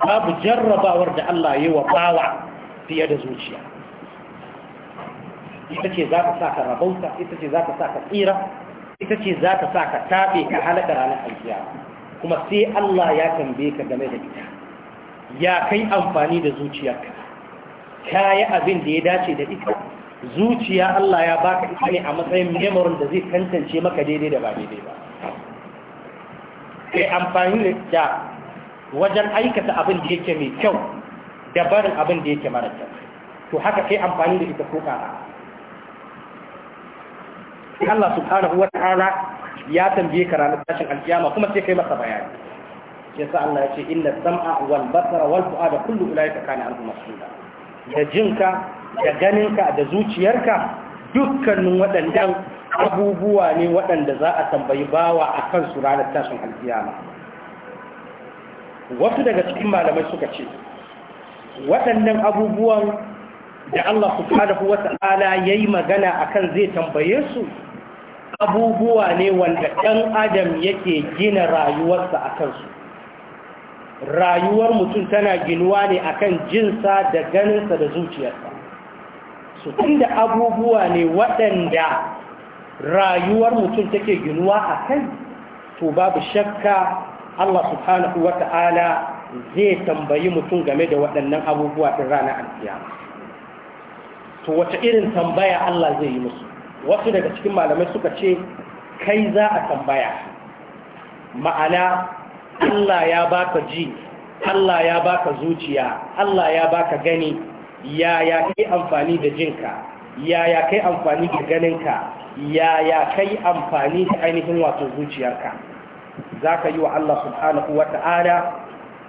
babu jarrabawar da Allah ya wa bawa fiye da zuciya ita ce za ta sa ka rabauta ita ce za ta sa ka tsira ita ce za ta sa ka taɓe ka halaka ranar alkiya kuma sai Allah ya tambaye ka game da ita ya kai amfani da zuciyarka ka yi abin da ya dace da ita zuciya Allah ya baka ita ne a matsayin memorin da zai tantance maka daidai da ba daidai ba kai amfani da wajen aikata abin da yake mai kyau da barin abin da yake mara kyau to haka kai amfani da ita ko ƙara sai Allah subhanahu wata'ala ya tambaye ka ranar tashin alkiyama kuma sai kai masa bayani sa Allah ya ce inna sam'a wal basara wal fu'ada kullu ulaika kana anhu mas'ula da jinka da ganinka da zuciyarka dukkanin waɗannan abubuwa ne waɗanda za a tambayi bawa a kan su ranar tashin alkiyama wasu daga cikin malamai suka ce waɗannan abubuwan da Allah subhanahu wata'ala yayi magana akan zai tambaye su abubuwa ne wanda ɗan adam yake gina rayuwarsa a kansu rayuwar mutum tana ginuwa ne akan jinsa da ganinsa da zuciyarsa su inda abubuwa ne waɗanda rayuwar mutum take ginuwa a kan to babu shakka Allah subhanahu wa ta'ala zai tambayi mutum game da waɗannan abubuwa ɗin ranar alkiyama to wace irin tambaya Allah zai yi musu wasu daga cikin malamai suka ce kai za a tambaya ma'ana Allah ya baka ji Allah ya baka zuciya Allah ya baka gani yaya kai amfani da jinka yaya kai amfani da ganinka yaya kai amfani da ainihin wato zuciyarka za ka yi wa Allah subhanahu wa ta'ala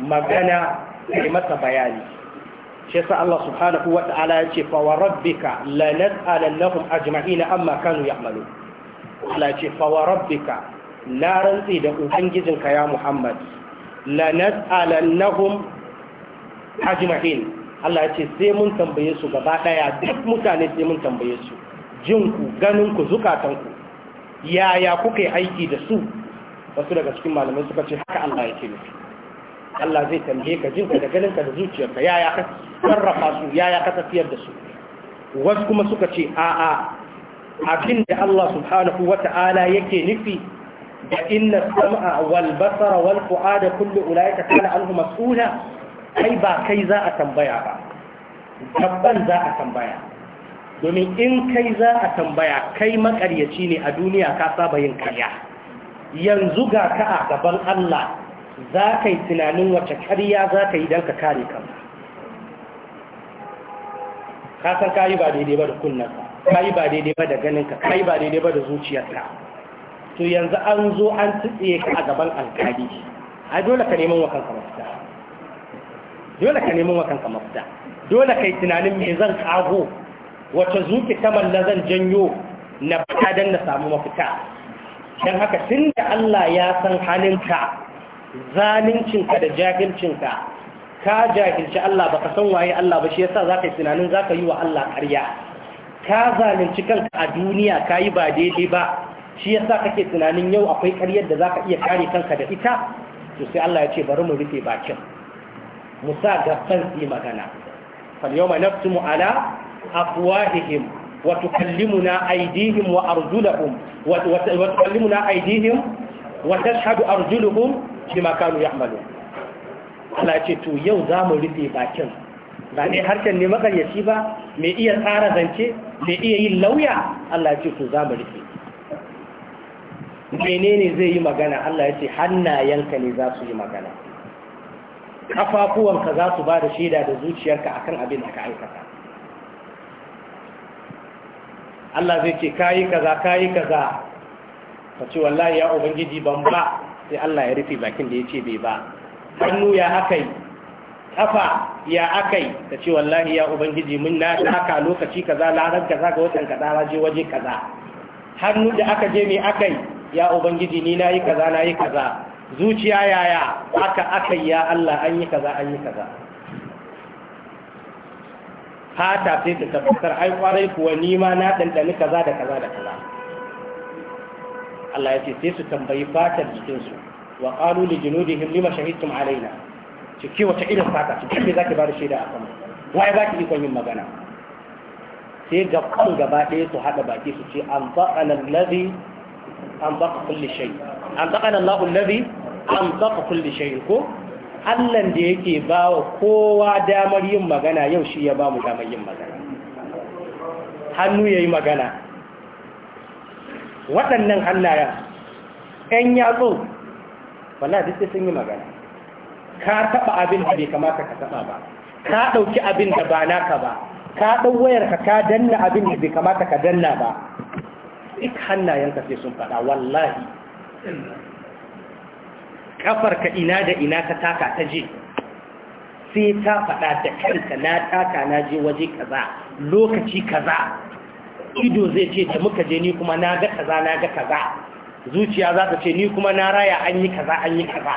magana kai masa bayani shi sa Allah subhanahu wa ta'ala ya ce fa wa rabbika la lahum ajma'ina amma kanu ya'malu Allah ya ce fa wa rabbika na rantsi da ubangijin ka ya Muhammad la lahum ajma'in Allah ya ce sai mun tambaye su gaba daya duk mutane sai mun tambaye su jin ku ganin ku zukatan ku yaya kuka yi aiki da su wasu daga cikin malamai suka ce haka Allah ya ce nufi Allah zai tambaye ka jinka da ganinka da zuciyarka ya ka sarrafa su yaya ka tafiyar da su wasu kuma suka ce a'a abin da Allah subhanahu Ta'ala yake nufi da inna sam'a wal basara wal fu'ada kullu ulaika kana anhu mas'ula kai ba kai za a tambaya ba dabban za a tambaya domin in kai za a tambaya kai makaryaci ne a duniya ka saba yin karya yanzu ga ka a gaban Allah za ka yi tunanin wace karya za ka yi don ka kare kanka ka san kayi ba daidai ba da ka kayi ba daidai ba da ganinka kayi ba daidai ba da zuciyarka to yanzu an zo an tsitsiye ka a gaban alkali ai dole ka neman wa kanka mafita dole ka neman wa kanka mafita dole ka yi tunanin me zan kago wace zuke ta malla zan janyo na fita don na samu mafita don haka tun da Allah ya san halinka zalincinka da jahilcinka ka jahilci Allah ba ka san waye Allah ba shi yasa za ka yi tunanin za ka yi wa Allah ƙarya ka zalunci kanka a duniya ka yi ba daidai ba shi yasa kake tunanin yau akwai ƙaryar da za ka iya kare kanka da ita to sai Allah ya ce bari mu rufe bakin mu sa gaban fansi magana fal yawma naftumu ala afwahihim wa tukallimuna aydihim wa arjuluhum wa tukallimuna aydihim wa tashhadu arjuluhum Shi ma kanu ya'malu Allah ya ce to yau za mu rufe bakin ba ne harkar ne makaryaci ba mai iya tsara zance mai iya yin lauya Allah ya ce to za mu rufe menene zai yi magana Allah ya ce hannayenka ne za su yi magana kafafuwanka za su ba da shaida da zuciyarka akan abin da ka aikata Allah zai ce kayi kaza kayi kaza ka ce wallahi ya ubangiji ban ba sai Allah ya rufe bakin da ya ce bai ba hannu ya akai kafa ya akai ta ce wallahi ya ubangiji mun na haka lokaci kaza laran kaza ga watan kaza waje waje kaza hannu da aka je mai akai ya ubangiji ni nayi kaza nayi kaza zuciya yaya aka akai ya Allah an yi kaza an yi kaza fata sai ta tabbatar ai kwarai kuwa ni ma na dandani kaza da kaza da kaza Allah ya ce sai su tambayi fatar jikinsu wa qalu li junudihim lima shahidtum alaina ciki wata irin fata su ciki me zaki bada shaida a akan ba ki ikon yin magana sai gaban gaba ɗaya su haɗa baki su ce an fa'ala allazi an baqa kulli shay an fa'ala Allahu allazi an baqa kulli shay ko Allah da yake bawa kowa damar yin magana yau shi ya bamu damar yin magana hannu ya yi magana waɗannan hannayen ƴan yatsu wala duk sun yi magana ka taɓa abin da bai kamata ka taɓa ba ka ɗauki abin da ba naka ba ka ɗau wayarka ka danna abin da bai kamata ka danna ba duk hannayenka sai sun faɗa wallahi ka ina da ina ka taka ta je sai ta faɗa da kanka na taka na je waje kaza lokaci kaza ido zai ce da muka je ni kuma na ga kaza na ga kaza zuciya za ta ce ni kuma na raya an yi kaza an yi kaza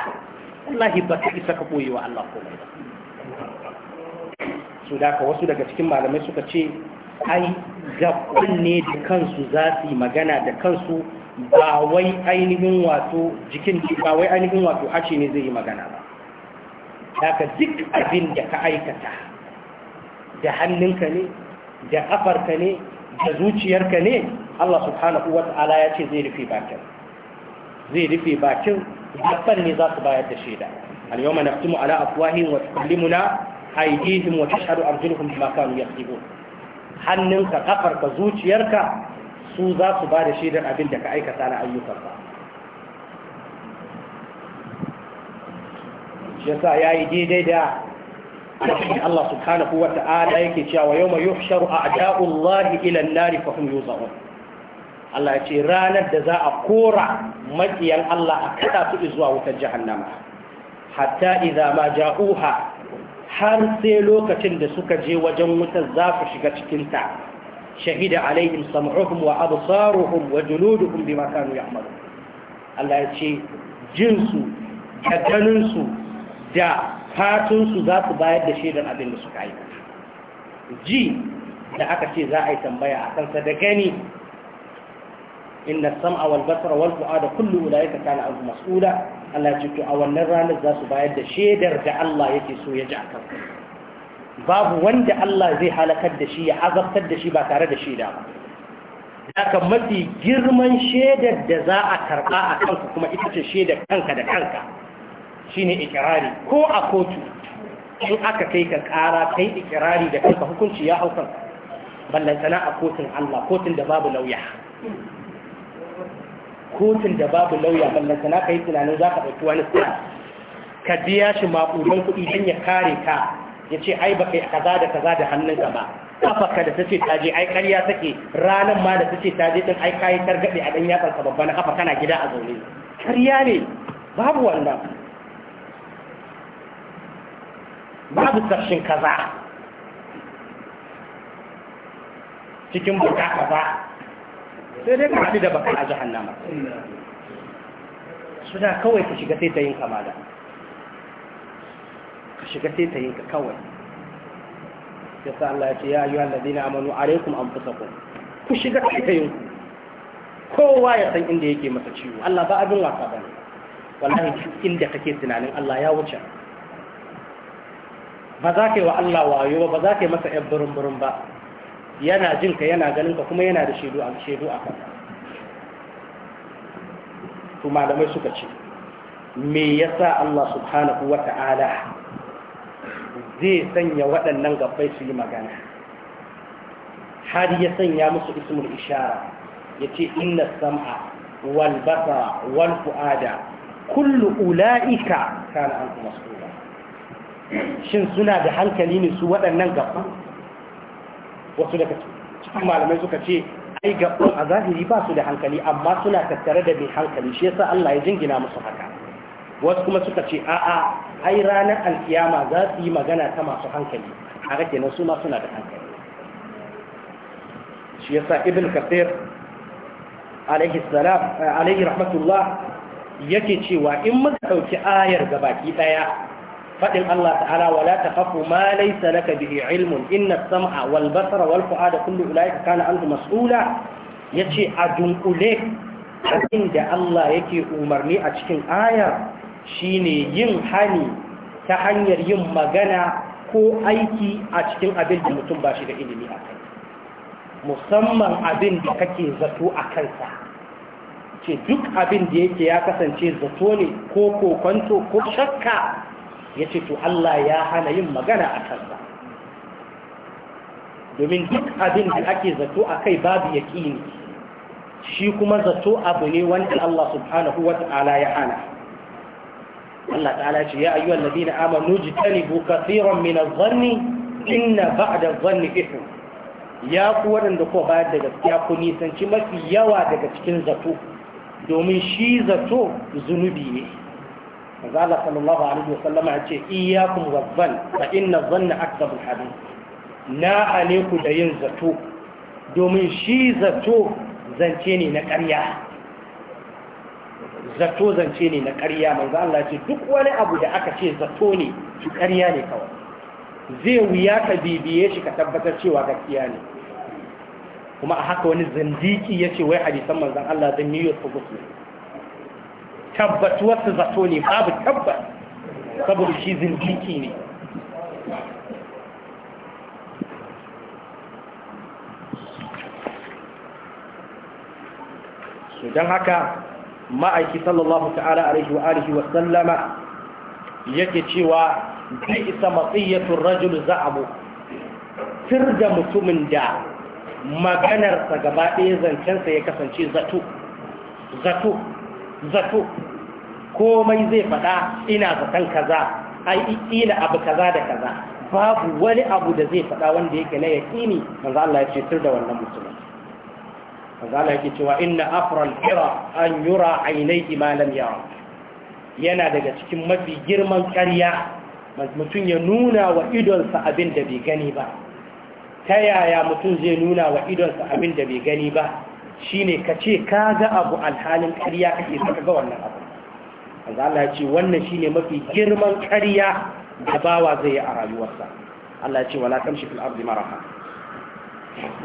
wallahi ba ta isa ka boye wa Allah komai ba su da ka wasu daga cikin malamai suka ce ai ga kunne da kansu za su yi magana da kansu ba wai ainihin wato jikin ba wai ainihin wato hace ne zai yi magana ba haka duk abin da ka aikata da hannunka ne da kafarka ne da zuciyarka ne Allah subhanahu wa ta'ala ya ce zai rufe bakin zai rufe bakin gaban ne za su bayar da shaida al-yawma naftimu ala afwahihim wa tukallimuna aydihim wa tashhadu arjuluhum bima kanu yaktubun hannunka kafarka zuciyarka su za su ba da shaidar abin da ka aikata na ayyukanka shi yasa yayi daidai da Allah subhanahu wa ta'ala yake cewa yawma yuhsharu a'da'ullahi ila an-nar fa hum yuzarun Allah ya ce ranar da za a kora makiyan Allah a kada su zuwa wutar jahannama hatta idza ma ja'uha har sai lokacin da suka je wajen wutar za su shiga cikin ta shahida alaihim sam'uhum wa absaruhum wa juluduhum bima kanu ya'malun Allah ya ce jinsu da da fatunsu za su bayar da shaidar abin da suka yi ji da aka ce za a yi tambaya a kansa da gani inna sam'a wal basara wal fu'ada kullu ulaika kana anhu mas'ula Allah ce to a wannan ranar za su bayar da shaidar da Allah yake so ya ji a kansa babu wanda Allah zai halakar da shi ya azabtar da shi ba tare da shaida ba haka mafi girman shaidar da za a karɓa a kanka kuma ita ce shaidar kanka da kanka shine ikirari ko a kotu in aka kai ka kara kai ikirari da kanka hukunci ya ballan sana a kotun Allah kotun da babu lauya kotun da babu lauya ka kai tunanin za ka ɗauki wani sa ka biya shi maƙudan kuɗi don ya kare ka ya ce ai ba kai kaza da kaza da hannun ka ba kafarka da ta ce ta je ai karya take ranar ma da ta ce ta je ɗin ai kayi targaɗe a ɗan yatsarka na kafa kana gida a zaune Karya ne babu wannan babu tafshin kaza cikin buka kaza sai dai ka da baka a jahannama suna kawai ka shiga sai ta yin kama da ka shiga sai ta yin ka kawai ya sa Allah ya ce ya ayyuhal ladina amanu an fusa ku shiga sai ta yin kowa ya san inda yake masa ciwo Allah ba abin wasa ba ne wallahi inda kake tunanin Allah ya wuce ba za ka yi wa Allah wayo ba ba za ka yi masa ‘yan burin-burin ba yana jin ka yana ganin ka kuma yana da shaidu a shaidu a kan to malamai suka ce me yasa Allah subhanahu wa ta'ala zai sanya waɗannan gabbai su yi magana har ya sanya musu ismul ishara ya ce inna sam'a wal basara wal fu'ada kullu ula'ika kana an mas'ula shin suna da hankali ne su waɗannan gaba wasu daga cikin malamai suka ce ai gaban a zahiri ba su da hankali amma suna tattare da mai hankali shi yasa Allah ya jingina musu haka wasu kuma suka ce a'a ai ranar alkiyama za su yi magana ta masu hankali a rake nan su ma suna da hankali shi yasa ibn kafir alaihi salam eh, alaihi rahmatullah yake cewa in muka dauki ayar gabaki daya faɗin Allah ta'ala wala takhafu ma laysa laka bihi inna as-sam'a wal basara wal fu'ada kullu ulaika kana anhu mas'ula yace a dunkule abin da Allah yake umarni a cikin ayar shine yin hani ta hanyar yin magana ko aiki a cikin abin da mutum ba shi da ilimi a kai musamman abin da kake zato a kansa ce duk abin da yake ya kasance zato ne ko kokonto ko shakka ya ce to Allah ya hana yin magana a kansa domin duk abin da ake zato a kai babu yaƙini shi kuma zato abu ne wanda Allah subhanahu wa ta'ala ya hana Allah ta'ala ce ya ayyuhal ladina amanu jitanibu katsiran min adh-dhanni inna ba'da da zanni ithm ya ku waɗanda ko bayar da gaskiya ku nisanci mafi yawa daga cikin zato domin shi zato zunubi ne Allah sallallahu alaihi wasallam ya ce iyakun wazzan fa inna zanna aktsabul hadith na ne ku da yin zato domin shi zato zance ne na ƙarya zato zance ne na ƙarya manzo Allah ce duk wani abu da aka ce zato ne shi ƙarya ne kawai zai wuya ka bibiye shi ka tabbatar cewa gaskiya ne kuma a haka wani zandiki ya ce wai hadisan manzon Allah da yi yusuf muslim tabbatuwarsa zato ne babu tabbat saboda shi zindiki ne don haka ma'aiki sallallahu ta'ala a rishi wa arishi wa sallama yake cewa zai isa matsayyatun rajul za'abu fir da mutumin da maganarsa gaba ɗaya zancensa ya kasance zato zato zato komai zai faɗa ina zaton kaza ai ina abu kaza da kaza babu wani abu da zai faɗa wanda yake na yaƙini manzo Allah ya ce tur da wannan mutumin manzo Allah yake cewa inna afral ira an yura aynayhi ma lam yana daga cikin mafi girman karya mutum ya nuna wa idonsa abin da bai gani ba ta yaya mutum zai nuna wa idonsa abin da bai gani ba shine ka ce ka ga abu alhalin ƙarya kake saka ga wannan abu manzo Allah ce wannan shine mafi girman ƙarya da bawa zai a rayuwarsa Allah ce wala tamshi fil ardi maraha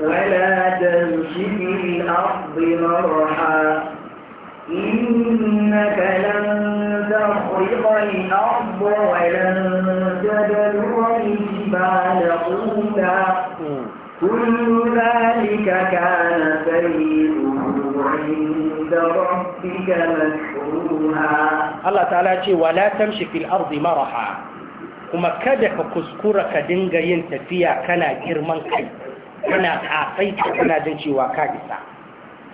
wala tamshi fil ardi maraha innaka lan tahriqa al ard wa lan tadlu al jibala qula كل ذلك كان سيئه عند ربك الله تعالى يقول ولا تمشي في الأرض مرحا kuma kada ka kuskura ka dinga yin tafiya kana girman kai kana kasaita kana jin cewa ka isa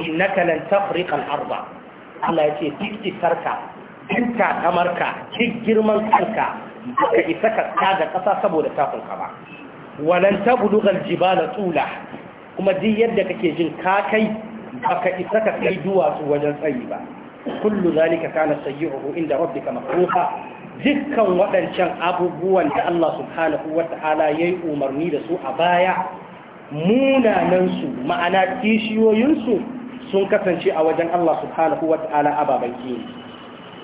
innaka lan tafriqa al Allah yace duk isarka duk takamarka duk girman kanka isa ka ga ƙasa saboda ta ba walan tabulugal aljibala tula kuma duk yadda kake jin ka kai baka isa ka kai duwatsu wajen tsayi ba kullu zalika kana sayyi'uhu inda rabbika makruha dukkan waɗancan abubuwan da Allah subhanahu wata'ala yayi umarni da su a baya munanansu ma'ana kishiyoyinsu sun kasance a wajen Allah subhanahu wata'ala ababan kini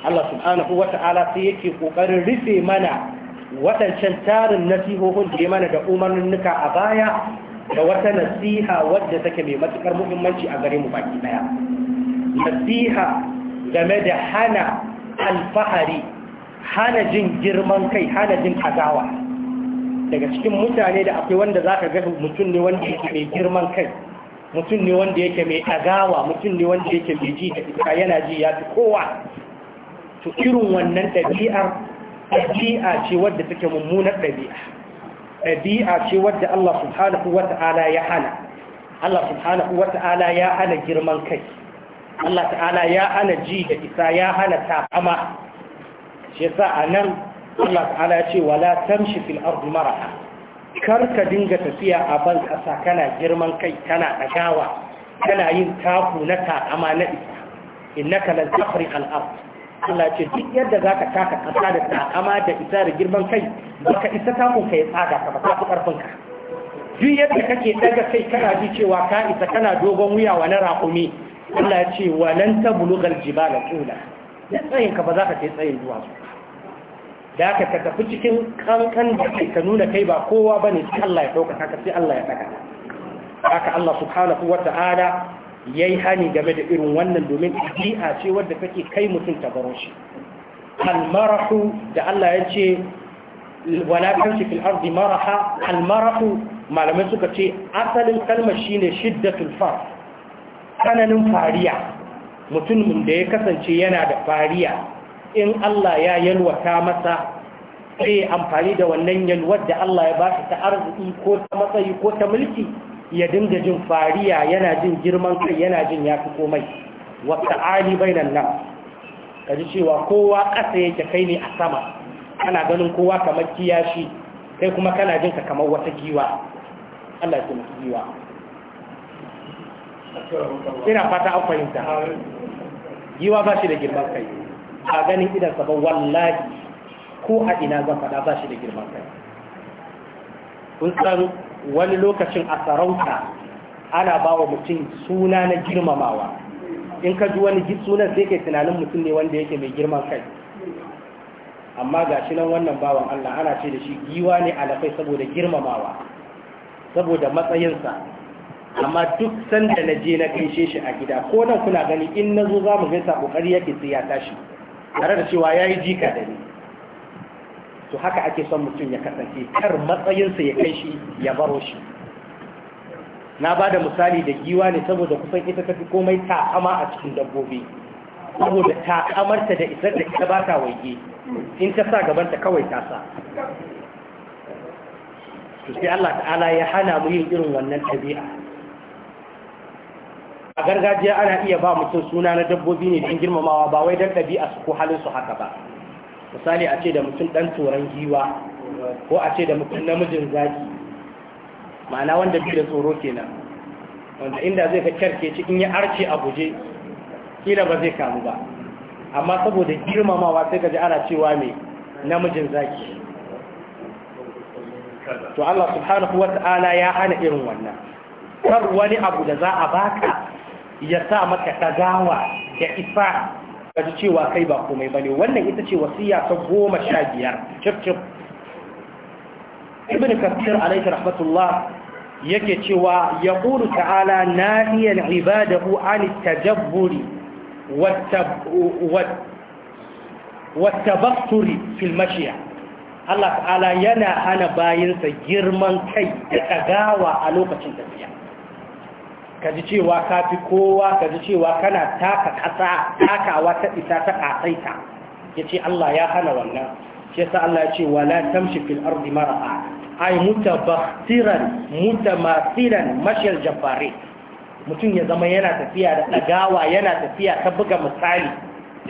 Allah subhanahu wata'ala sai yake kokarin rufe mana waɗancan tarin nasihohin da ya mana da umarninnuka a baya da wata nasiha wadda take mai matuƙar muhimmanci a gare mu baki ɗaya nasiha game da hana alfahari hana jin girman kai hana jin agawa daga cikin mutane da akwai wanda za ka ga mutum ne wanda yake mai girman kai mutum ne wanda yake mai agawa mutum ne wanda yake mai ji da iska yana ji ya fi kowa to irin wannan ɗabi'ar ɗabi'a ce wadda take mummunar ɗabi'a ɗabi'a ce wadda Allah subhanahu wata'ala ya hana Allah subhanahu wata'ala ya hana girman kai Allah ta'ala ya hana ji da isa ya hana taƙama shi yasa a nan Allah ta'ala ya ce wala tamshi fil ardi maraha kar ka dinga tafiya a ban ƙasa kana girman kai kana ɗagawa kana yin taku na taƙama na isa innaka lan tafriqa al-ard Allah ce duk yadda za ka taka kasa da takama da isa da girman kai baka isa samun ka ya tsaga ka ba ƙarfin ka duk yadda kake ɗaga kai kana ji cewa ka isa kana dogon wuya wa na raƙumi Allah ce wa nan ta bulugal jibala tula da tsayin ka ba za ka kai tsayin zuwa su da ka ka tafi cikin kankan da kai ka nuna kai ba kowa ne, sai Allah ya ɗauka ka sai Allah ya ɗaga haka Allah subhanahu ta'ala ya yi hani game da irin wannan domin ɗabi'a ce wadda take kai mutum ta baro shi almarahu da Allah ya ce wala kanshi fil ardi maraha almarahu malamai suka ce asalin kalmar shine shiddatul far tsananin fariya mutumin da ya kasance yana da fariya in Allah ya yalwata masa sai amfani da wannan yalwar da Allah ya ba ta arziki ko ta matsayi ko ta mulki ya dinga jin fariya yana jin girman kai yana jin ya fi komai wata ali bainan nan ka ji cewa kowa ƙasa yake kai ne a sama ana ganin kowa kamar kiyashi kai kuma kana jin ka kamar wata giwa Allah ya mutu giwa ina fata an fahimta giwa ba shi da girman kai a ganin idan sa ba wallahi ko a ina zan fada ba shi da girman kai kun san wani lokacin a sarauta ana ba wa mutum suna na girmamawa in ka ji wani sunan sai kai tunanin mutum ne wanda yake mai girman kai amma ga shi nan wannan bawan Allah ana ce da shi giwa ne alafai saboda girmamawa saboda matsayinsa amma duk sanda na je na kaishe shi a gida ko nan kuna gani in na zo za mu gaisa kokari yake sai ya tashi tare da cewa ya yi jika da ni to haka ake son mutum ya kasance kar matsayinsa ya kai shi ya baro shi na ba da misali da giwa ne saboda kusan ita ta fi komai ta'ama a cikin dabbobi saboda ta'amarta da isar da ita ba ta waje in ta sa gabanta kawai ta sa to sai Allah ta'ala ya hana mu yin irin wannan tabi'a a gargajiya ana iya ba mutum suna na dabbobi ne don girmamawa ba wai don ɗabi'a su ko halin su haka ba misali a ce da mutum ɗan tsoron giwa ko a ce da mutum namijin zaki ma'ana wanda bi da tsoro kenan wanda inda zai ka kyarke ci in ya arce a guje kila ba zai kamu ba amma saboda girmamawa sai ka ji ana cewa mai namijin zaki to Allah subhanahu ta'ala ya hana irin wannan kar wani abu da za a baka ya sa maka tagawa da ifa ka ji cewa kai ba komai ne, wannan ita ce wasiya ta goma sha biyar cif ibn kafir alaihi rahmatullah yake cewa ya ƙuru ta'ala na iya ibadahu ta tajabburi wata bakturi filmashiya Allah ta'ala yana hana bayansa girman kai da tagawa a lokacin tafiya ka ji cewa ka fi kowa ka ji cewa kana taka ƙasa takawa ta isa ta kasaita. ya ce Allah ya hana wannan shi yasa Allah ya ce wala tamshi fil ardi mar'a ay mutabakhiran mutamathiran mashal jabbari mutum ya zama yana tafiya da dagawa yana tafiya ta buga misali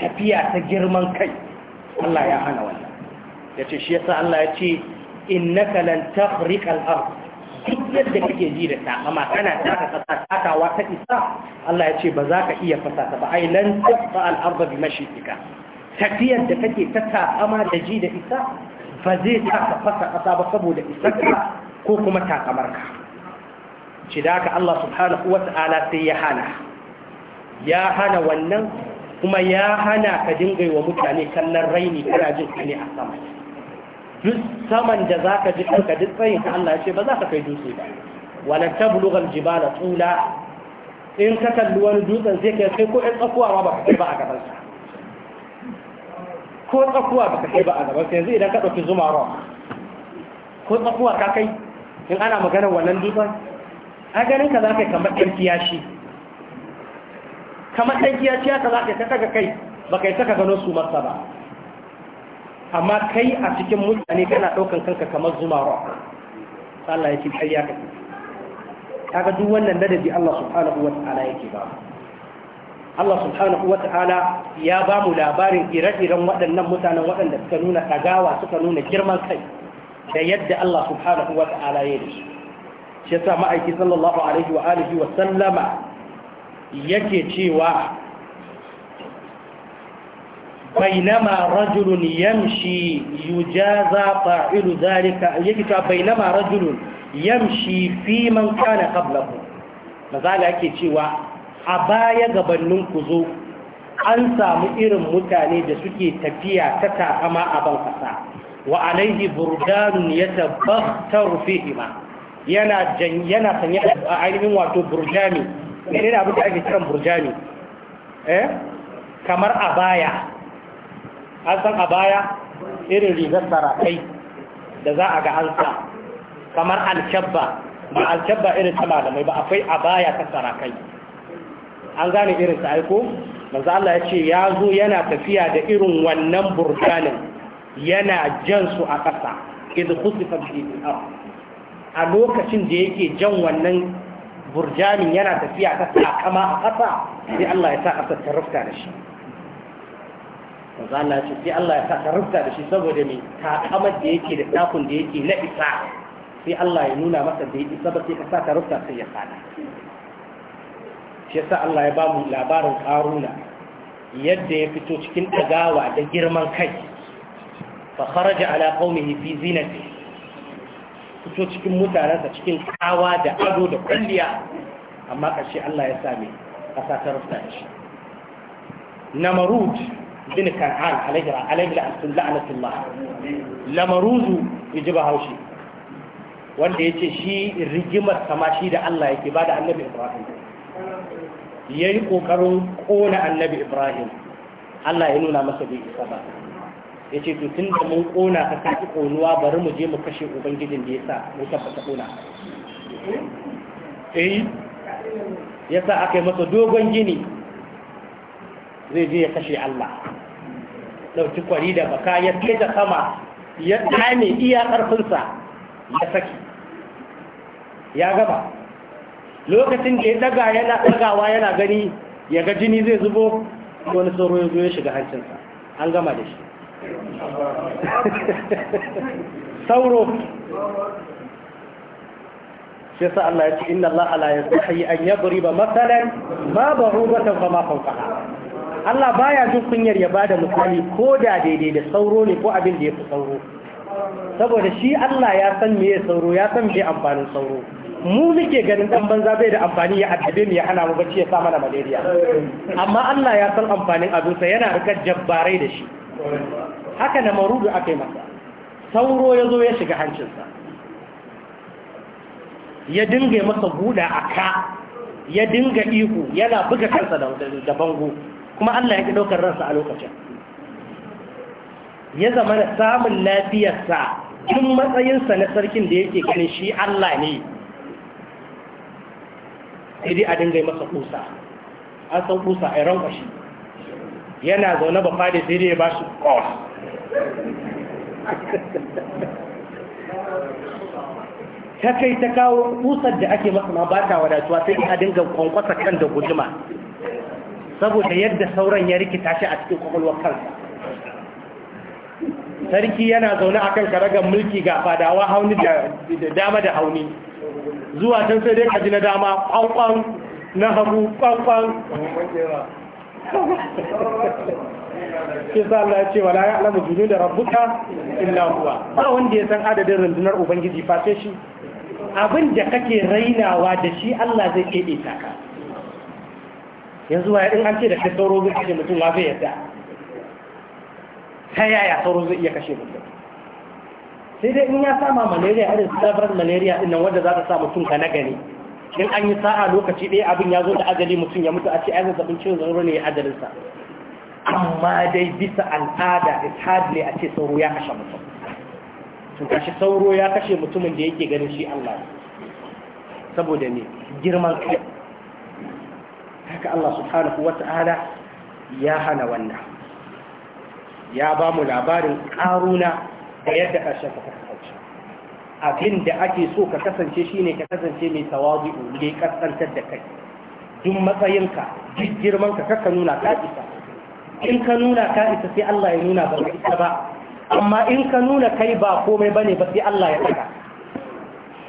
tafiya ta girman kai Allah ya hana wannan Ya ce shi yasa Allah ya ce innaka lan takhriqa al-ard duk yadda kake ji da takama kana taka kasa takawa ta isa Allah ya ce ba za ka iya fasa ta ba ai lan tabba al-arda bi mashika tafiyar da kake ta takama da ji da isa ba zai taka fasa kasa ba saboda isa ko kuma takamarka ce da ka Allah subhanahu wata'ala sai ya hana ya hana wannan kuma ya hana ka dinga wa mutane kallon raini kana jin kane a sama duk saman da za ka ji kanka duk tsayin ka Allah ya ce ba za ka kai dutse ba wala jiba da tsula in ka kalli wani dutsen sai kai kai ko ɗan tsakuwa ma ba ka kai ba a gaban sa ko tsakuwa ba ka kai ba a gaban sa yanzu idan ka ɗauki zuma rock ko tsakuwa ka kai in ana maganar wannan dutsen a ganin ka za ka yi kamar ɗan kiyashi kamar ɗan kiyashi haka za ka yi ta kai ba ka yi ta ka gano su masa ba amma kai a cikin mutane kana ɗaukan kanka kamar zuma rock Allah ya ce kai ya kace kaga duk wannan ladabi Allah subhanahu wa ta'ala yake ba Allah subhanahu wa ta'ala ya ba mu labarin ire-iren waɗannan mutanen waɗanda suka nuna kagawa suka nuna girman kai da yadda Allah subhanahu wa ta'ala ya yi shi yasa ma'aiki sallallahu alaihi wa alihi wa sallama yake cewa بينما رجل يمشي يجازى فاعل ذلك يكتا بينما rajulun yamshi في من كان قبله mazala yake cewa a baya gabanin ku zo an samu irin mutane da suke tafiya ta takama a ban kasa wa alaihi burdanun ya tabbatar fihima yana yana sanya a ainihin wato burjami menene abin da ake kiran burjami eh kamar baya. an san a baya irin rigar sarakai da za a ga an sa kamar alkyabba ba alkyabba irin ta malamai ba akwai a baya ta sarakai an gane irin ta aiko manzo Allah ya ce ya zo yana tafiya da irin wannan burkanin yana jan su a ƙasa idh khusifa bi a lokacin da yake jan wannan burjamin yana tafiya ta kama a ƙasa sai Allah ya sa ƙasa ta rufta da shi manzo na ce sai Allah ya ta rubta da shi saboda mai takamar da yake da takun da yake na isa sai Allah ya nuna masa da yake saboda sai ka saka rubta sai ya fada shi yasa Allah ya bamu labarin Karuna yadda ya fito cikin dagawa da girman kai fa kharaja ala qaumihi fi zinati fito cikin mutanensa cikin kawa da ado da kulliya amma ƙarshe Allah ya ka sa ta rufta da shi namarud bin kan'an alaihi alaihi la'anatullah lamaruzu yaji bahaushe wanda yace shi rigimar sama shi da Allah yake ba da annabi Ibrahim yayi kokarin kona annabi Ibrahim Allah ya nuna masa bai isa ba ya ce tutun da mun ƙona ka kaki ƙonuwa bari mu je mu kashe ubangijin da ya sa mu tabbata ƙona eh ya sa aka yi masa dogon gini zai je ya kashe Allah ɗauki kwari da baka ya kai da sama ya ɗame iya ƙarfinsa ya saki ya gaba lokacin da ya daga yana ɗagawa yana gani ya ga jini zai zubo wani tsoro ya zo ya shiga hancinsa an gama da shi [laughs] sauro shi sa Allah ya ce inna Allah ya yastahi an ba matsalan ma ba ma fawqaha Allah baya jin kunyar ya bada misali ko da daidai da sauro ne ko abin da ya fi sauro saboda shi Allah ya san me ya sauro ya san me amfanin sauro mu muke ganin dan banza bai da amfani ya addabe mu ya hana mu bacci ya sa mana malaria amma Allah ya san amfanin abin sa yana rika jabbarai da shi haka na marudu akai masa sauro ya zo ya shiga hancinsa ya dinga masa guda a ka ya dinga ihu yana buga kansa da bango kuma Allah ya ke ɗaukar ransa a lokacin ya zama na samun lafiyarsa tun matsayinsa na sarkin da yake ganin shi Allah ne sai a dinga masa kusa an san kusa a ranka shi yana zaune ba fadi sai dai ba shi kawai ta kai ta kawo ƙusar da ake masa ma ba ta wadatuwa sai a dinga kwankwasa kan da guduma saboda yadda sauran ya rikita shi a cikin kwakwalwar kansa sarki yana zaune a kan karagar mulki ga fadawa hauni da dama da hauni zuwa can sai dai kaji na dama kwankwan na hagu kwankwan kisa Allah ce wala ya alamu junu da rabuta illa huwa ba wanda ya san adadin rundunar ubangiji fashe shi abin da kake rainawa da shi Allah zai keɓe taka yanzu wa in an ce da ke sauro zai kashe mutum wa zai yadda ta yaya sauro zai iya kashe mutum sai dai in ya sama malaria irin sabon malaria din nan wanda za ta sa mutum ka na gani in an yi sa'a lokaci ɗaya abin ya zo da ajali mutum ya mutu a ce ai zaɓin cin zauro ne ya ajalinsa amma dai bisa al'ada it's hardly a ce sauro ya kashe mutum sun kashe sauro ya kashe mutumin da yake ganin shi Allah saboda ne girman kai haka Allah subhanahu wata'ala ya hana wannan ya ba mu labarin ƙaruna da yadda ƙarshen ka kasance abin da ake so ka kasance shine ka kasance mai tawazu ne kasantar da kai duk matsayinka duk girmanka kakka nuna ka isa in ka nuna ka isa sai Allah ya nuna ba ka isa ba amma in ka nuna kai ba komai bane ba sai Allah ya saka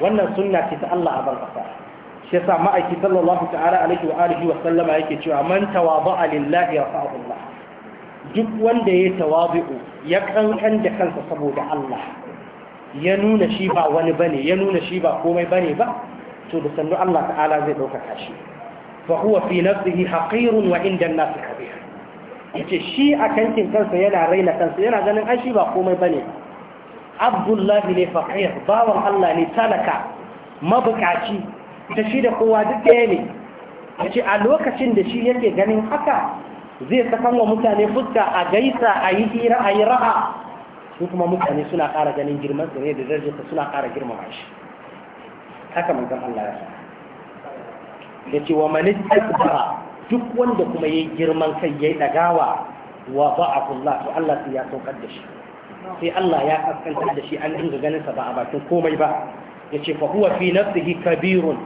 wannan sunna ce ta Allah a ban kasa shi yasa ma'aiki sallallahu ta'ala alaihi wa alihi wa sallama yake cewa man tawadha'a lillahi rafa'ahu Allah duk wanda ya tawadhu ya kankan da kansa saboda Allah ya nuna shi ba wani bane ya nuna shi ba komai bane ba to da sannu Allah ta'ala zai dauka shi fa huwa fi nafsihi haqirun wa inda an-nas kabir yace shi a kankin kansa yana raina kansa yana ganin ai shi ba komai bane Abdullahi ne faqir bawan Allah ne talaka mabukaci da shi da kowa duk ɗaya ne ya ce a lokacin da shi yake ganin haka zai sakan wa mutane fuska a gaisa a yi hira a yi raha su kuma mutane suna ƙara ganin girman su ne da darajarsa suna ƙara a shi haka manzon Allah ya ya ce wa mani tasbara duk wanda kuma ya yi girman kai ya yi ɗagawa wa ba a Allah to Allah sai ya saukar da shi sai Allah ya kaskantar da shi an dinga ganin sa ba a bakin komai ba yace fa huwa fi nafsihi kabirun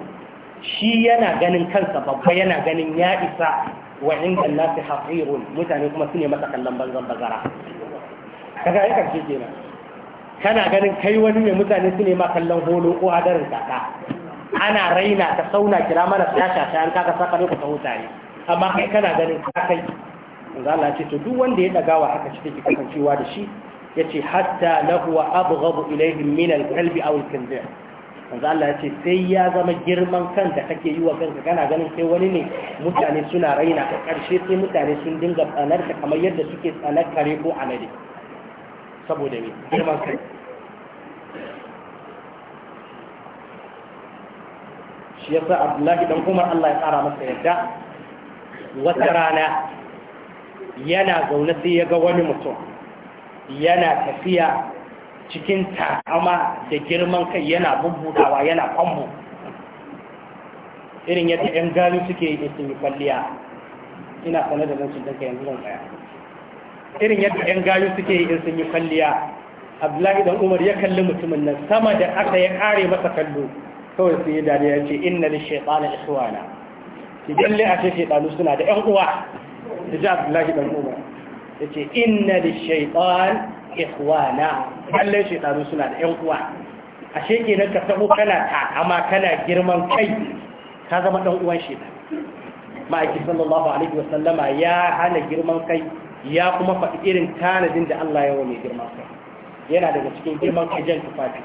shi yana ganin kansa babba yana ganin ya isa wa inda nasi hafirun mutane kuma su ne masa kallon banzan bazara kaga ai karshe kenan kana ganin kai wani ne mutane su ne ma kallon holo ko hadarin kaka ana raina ta sauna kira mana siyasa ta an kaka saka ne ku ta hutare amma kai kana ganin kai manzo Allah ce to duk wanda ya wa haka shi take kasancewa da shi yace hatta lahu wa abghadu ilayhim min al-qalbi aw al-khinzir manzo Allah ya ce sai ya zama girman kanta da kake yi wa kanka kana ganin sai wani ne mutane suna raina a ƙarshe, sai mutane sun dinga tsanar ka kamar yadda suke tsanar kare ko alade saboda girman kai shi ya sa Abdullahi don kuma Allah ya tsara masa yadda wata rana yana zaune sai ya ga wani mutum yana tafiya cikin ta'ama da girman kai yana bubbudawa yana kwambo irin yadda 'yan gani suke yi da sun yi kwalliya ina sanar da zancin ɗanka yanzu zan tsaya irin yadda 'yan gayu suke yi da sun yi kwalliya abdullahi dan umar ya kalli mutumin nan sama da aka ya kare masa kallo kawai su yi dariya ya ce inna li shaytana ikhwana ki dalle a ce shaytanu suna da ƴan uwa da ji abdullahi dan umar ya ce inna da shaytan ikhwana lalle shedanu suna da yan uwa ashe kenan ka taho kana ta amma kana girman kai ka zama dan uwan shedan ma'aiki sallallahu alaihi wasallama ya hana girman kai ya kuma faɗi irin tanadin da Allah ya wa mai girman kai yana daga cikin girman kai jan tufafi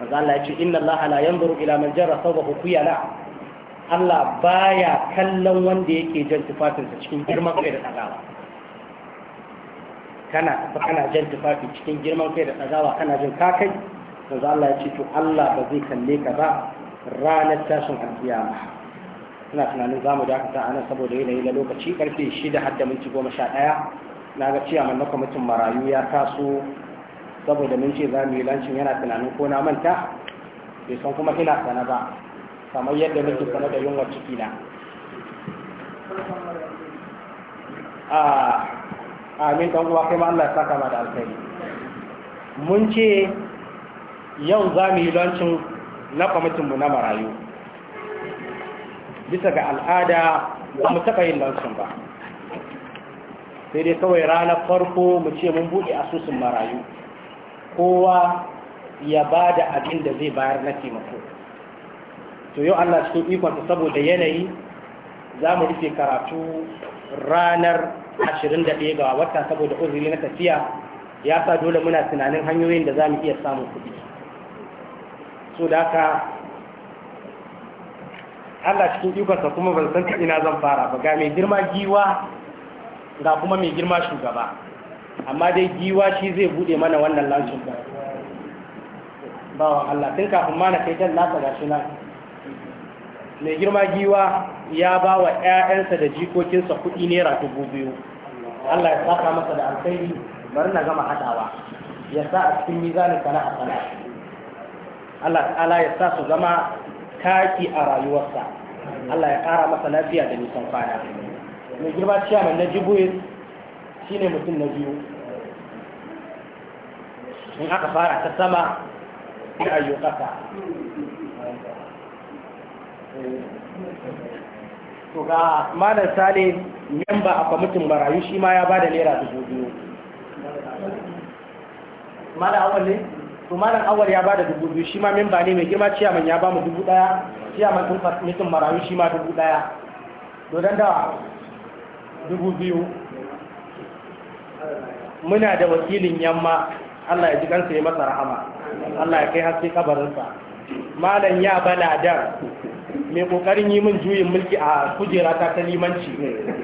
manzo Allah ya ce inna Allah la yanzuru ila man jarra thawbahu khuyala Allah baya kallon wanda yake jan tufafinsa cikin girman kai da tsagawa kana fa kana jan tufafi cikin girman kai da tsagawa kana jin kakai za Allah ya ce to Allah ba zai kalle ka ba ranar tashin alkiyama ina tunanin zamu dakata a nan saboda yanayi na lokaci karfe shida har da minti goma sha ɗaya na ga cewa na kwamitin marayu ya taso saboda mun ce za mu yi lancin yana tunanin ko na manta bai san kuma ina sana ba kamar yadda nake sana da yunwa ciki na ah. amin ɗan uwa kai ma Allah ya saka ma da alkhairi mun ce yau za mu yi lancin na kwamitinmu na marayu bisa ga al'ada ba mu taɓa yin lancin ba sai dai kawai ranar farko mu ce mun buɗe asusun marayu kowa ya ba da abin da zai bayar na taimako to yau allah cikin ikonsa saboda yanayi za mu rufe karatu ranar ashirin da ɗaya ga wata saboda uzuri na tafiya ya sa dole muna tunanin hanyoyin da za mu iya samun kuɗi so da aka. Allah cikin ikonsa kuma ban san ina zan fara ba ga mai girma giwa ga kuma mai girma shugaba amma dai giwa shi zai bude mana wannan lancin ba Bawa Allah tun kafin ma na kai can nasa gashi na. mai girma giwa ya ba wa 'ya'yansa da jikokinsa kuɗi naira dubu biyu Allah ya saka masa da alkhairi bari na gama haɗawa ya sa a cikin mizanin sana a sana Allah ta'ala ya sa su zama taki a rayuwarsa Allah ya ƙara masa lafiya da nisan kwana mai girma mai na shi ne mutum na biyu in aka fara ta sama sai ayyukata ga malam sale memba a kwamitin marayu shi ma ya ba da naira dubu biyu malam awal ne to malam awal ya ba da dubu biyu shi ma memba ne mai girma ciyaman ya ba mu dubu daya ciyaman tun kwamitin marayu shi ma dubu daya dodon dawa dubu biyu muna da wakilin yamma Allah ya ji kansa ya masa rahama Allah ya kai haske kabarinsa malam ya bala dar mai kokarin yi min juyin mulki a kujera ta ta limanci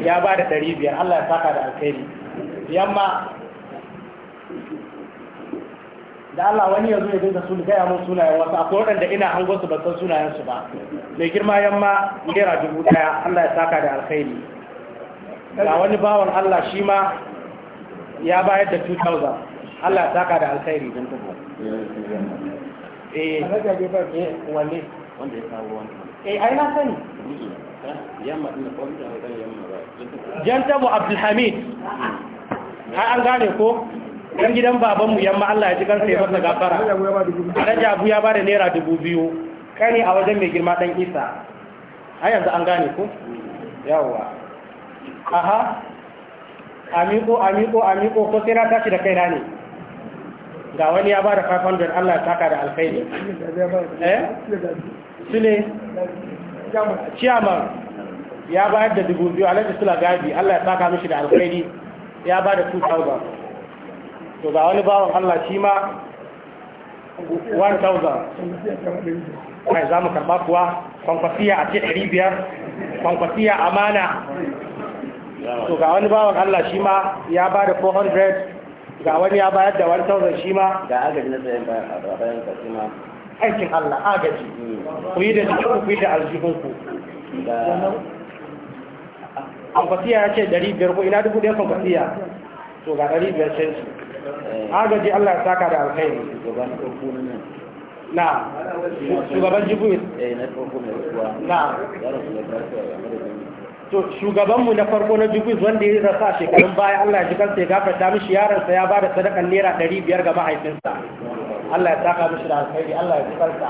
ya ba da ɗari biyar Allah ya saka da alkhairi yamma da Allah wani yanzu ya dinga sun gaya mun sunayen wasu akwai waɗanda ina hango su ban san sunayen su ba mai girma yamma naira dubu ɗaya Allah ya saka da alkhairi ga wani bawan Allah shi ma ya bayar da 2000 Allah ya saka da alkhairi don ta eh eh wanda ya kawo wani eh ai na sani jan tabo abdulhamid ai an gane ko yan gidan babanmu yamma Allah ya ji kan sai masa gafara alhaji abu ya bada naira dubu biyu kani a wajen mai girma dan isa a yanzu an gane ko yawwa aha amiko amiko amiko ko sai na tashi da na ne ga wani ya bada 500 Allah ya taka da alkhairi eh su ne ciyaman ya bayar da dubu biyu alhaji sula gadi allah ya saka mishi da alkhairi ya ba da 2000 to ga wani bawon allah shi ma 1000 kai za mu karɓa kuwa kwankwasiya a ce 500 kwankwasiya mana to ga wani bawon allah shi ma ya ba da 400 ga wani ya bayar da 1000 shi ma ga agaji na tsayin bayan a bayan kasima aikin Allah agaji ku yi da jikin ku yi da aljihun ku kwamfasiya ya ce 500 ko ina dubu ɗaya kwamfasiya to ga 500 sai su agaji Allah ya saka da alkhairi na shugaban jibuit eh, na to shugabanmu na farko na jibuit wanda ya rasa shekarun baya Allah ya ji kansa ya gafarta mishi yaransa ya ba da sadakan naira 500 ga mahaifinsa Allah ya taka mishi da alkhairi Allah ya tsikarsa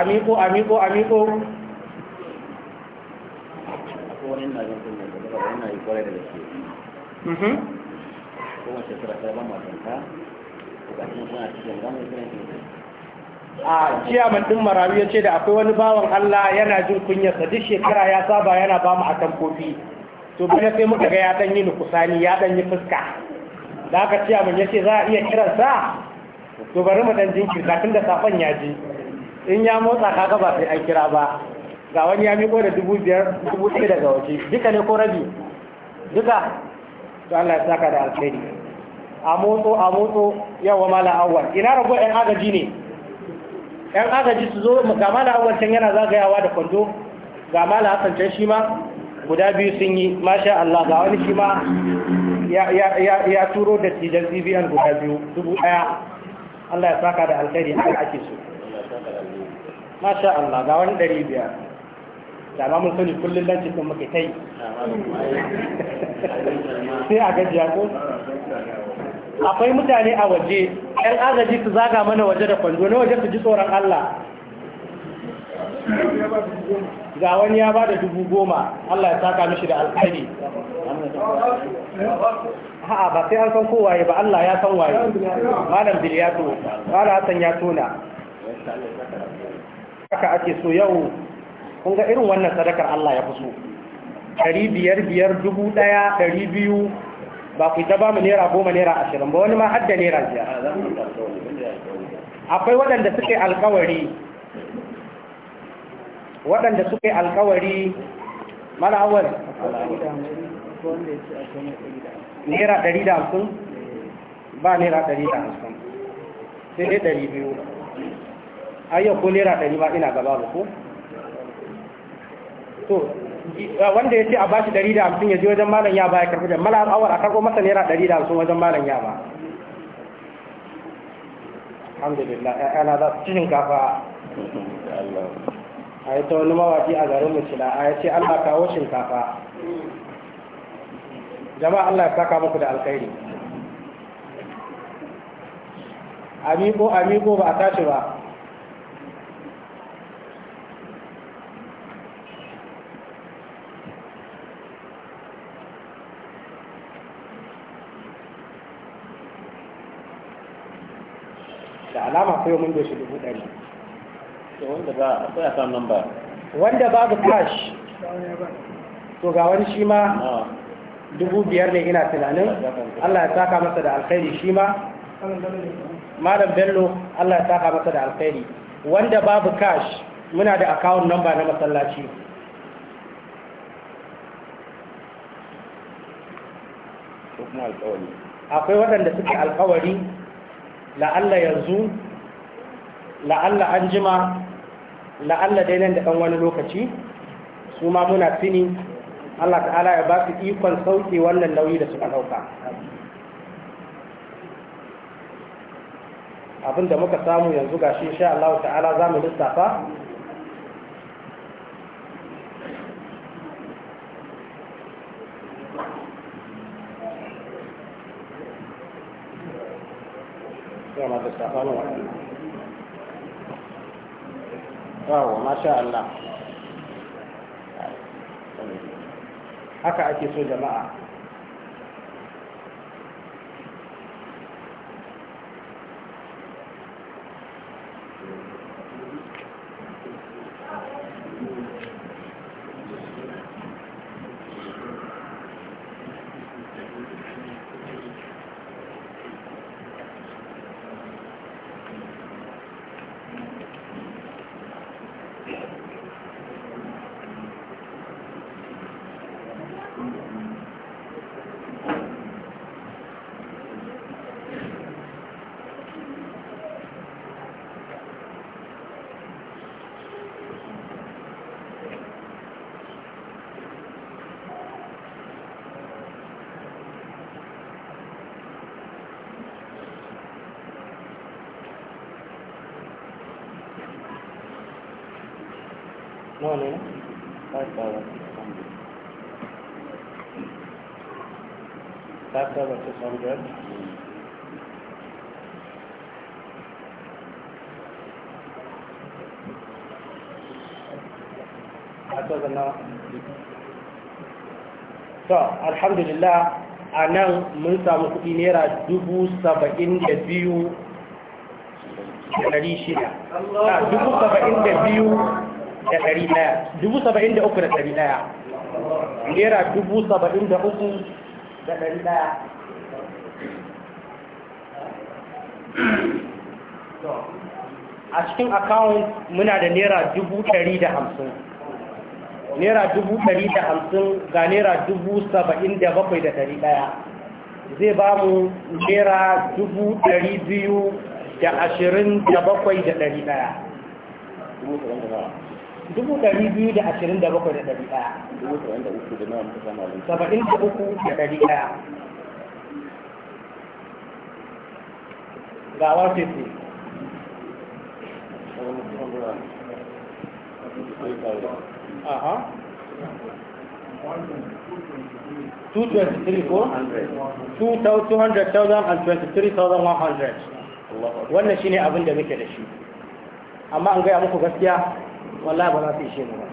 amiko amiko amiko a mhm. ciyaman ɗin marawi ya ce da akwai wani bawan Allah yana jin kunyarsa duk shekara ya saba yana ba mu a kofi to bane sai muka ga ya ɗan yi nukusani ya ɗan yi fuska da aka ciyaman ya ce za a iya kiransa to bari mu dan jinkirta tun da safan ya ji in ya motsa kaga ba sai an kira ba ga wani ya miko da dubu biyar dubu ɗaya daga waje duka ne ko rabi duka to Allah ya saka da alkhairi a motso a motso wa mala awwal ina rago ɗan agaji ne ɗan agaji su zo ga mala awwal can yana zagayawa da kwando ga mala hasan can shi ma guda biyu sun yi masha Allah ga wani shi ma ya turo da tijan cbn guda biyu dubu ɗaya Allah ya saka da alkhairi haka ake so masha Allah ga wani ɗari biyar da ma mun sani kullum lanci ɗin muka kai, sai a gajiya ko akwai mutane a waje 'yan agaji su zaga mana waje da kwando na waje su ji tsoron Allah ga wani ya ba da dubu goma Allah ya saka mishi da alkhairi ha'a ba sai an san kowaye ba Allah ya san waye malam bil ya tona malam ya tona haka ake so yau kun ga irin wannan sadakar Allah ya fi so ɗari biyar biyar dubu ɗaya ɗari biyu ba ku ta ba mu naira goma naira ashirin ba wani ma hadda naira biyar akwai waɗanda suke alkawari waɗanda suka yi alkawari mana awal naira ɗari da hamsin ba naira ɗari da hamsin sai dai ɗari biyu ayyau ko naira ɗari ba ina gaba ba ko to wanda ya ce a bashi ɗari da hamsin ya je wajen malam ya ba ya karfi da malawar a karɓo masa naira ɗari da hamsin wajen malam ya ba alhamdulillah ana za su cikin kafa [laughs] a yi ta wani mawaki a garin mutila a ya ce allah kawo shinkafa jama'a allah ya saka muku da alkhairi amiko amiko ba a tashi ba da alama sai mun shi dubu ɗari wanda babu cash to ga wani shi ma dubu biyar ne ina tunanin Allah ya saka masa da alkhairi shi ma malam bello Allah ya saka masa da alkhairi wanda babu cash muna da account number na masallaci akwai waɗanda suke alkawari la'alla yanzu la'alla an jima Allah dai nan da ɗan wani lokaci su ma muna fini. Allah ta'ala ya ba su ikon sauke wannan nauyi da suka ɗauka abin da muka samu yanzu ga shi sha Allah ta'ala za mu lissafa Yeah, I'm not just wa masha Allah haka ake so jama'a alhamdulillah a nan mun samu kuɗi naira dubu saba'in shida ah, dubu saba'in da biyu da ɗari ɗaya naira dubu saba'in da a cikin akawun muna da naira dubu naira dubu ɗari da hamsin ga naira dubu saba'in da bakwai da ɗari ɗaya zai ba mu naira dubu ɗari biyu da ashirin da bakwai da ɗari ɗaya dubu ɗari biyu da ashirin da bakwai da ɗari ɗaya saba'in da uku da ɗari ɗaya ga 150 Thank you. aha 223 ko 223,100 wannan ne abin da muke da shi amma an gaya muku gaskiya wallahi ba za su ishe mu ba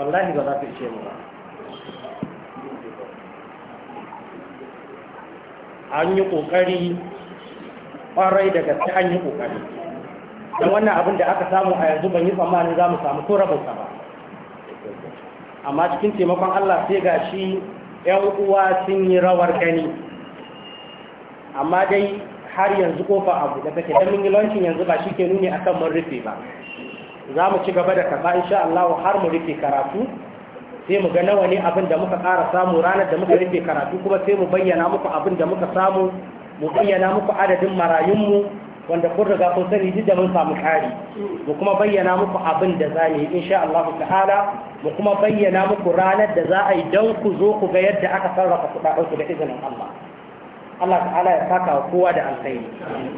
wallahi ba za su ishe mu ba an yi ƙoƙari ƙwarai da gaske an yi ƙoƙari da wannan abin da aka samu a yanzu ban yi tsammanin za mu samu ko sa ba amma cikin taimakon Allah sai ga shi ‘yan uwa sun yi rawar gani amma dai har yanzu kofa abu da take don yi launcin yanzu ba shi ke nuni akan mun rufe ba za mu ci gaba da kafa insha Allah har mu rufe karatu sai mu ga nawa ne abin da muka ƙara samu ranar da muka rufe karatu kuma sai mu bayyana muku abin da muka samu mu bayyana muku adadin marayunmu wanda kun riga kun sani duk da mun samu kari mu kuma bayyana muku abin da za mu yi insha Allahu ta'ala mu kuma bayyana muku ranar da za a yi don ku zo ku ga yadda aka sarrafa kuɗaɗen ku da izinin Allah Allah ta'ala ya saka kowa da alkhairi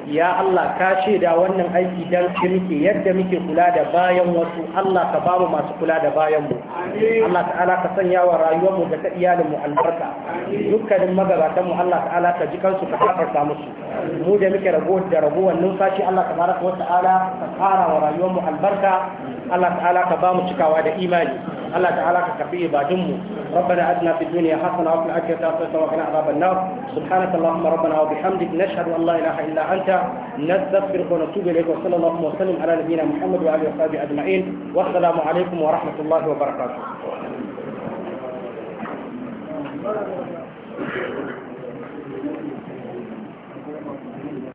ya Allah ka da wannan aiki dan shi muke yadda muke kula da bayan wasu Allah ka bamu masu kula da bayan mu Allah ta'ala ka sanya wa rayuwar mu da ta iyalin mu albarka dukkanin magabatan mu Allah ta'ala ka ji kansu ka kafarta musu mu da muke rago da wannan numfashi Allah tabaraka wa ta'ala ka kara wa rayuwar mu albarka Allah ta'ala ka bamu cikawa da imani Allah ta'ala ka karbi ibadunmu ربنا أتنا في الدنيا حسنة وفي الآخرة حسنة وقنا عذاب النار سبحانك اللهم ربنا وبحمدك نشهد أن لا إله إلا أنت نستغفرك ونتوب إليك وصلى الله وسلم على نبينا محمد وعلى آله وصحبه أجمعين والسلام عليكم ورحمة الله وبركاته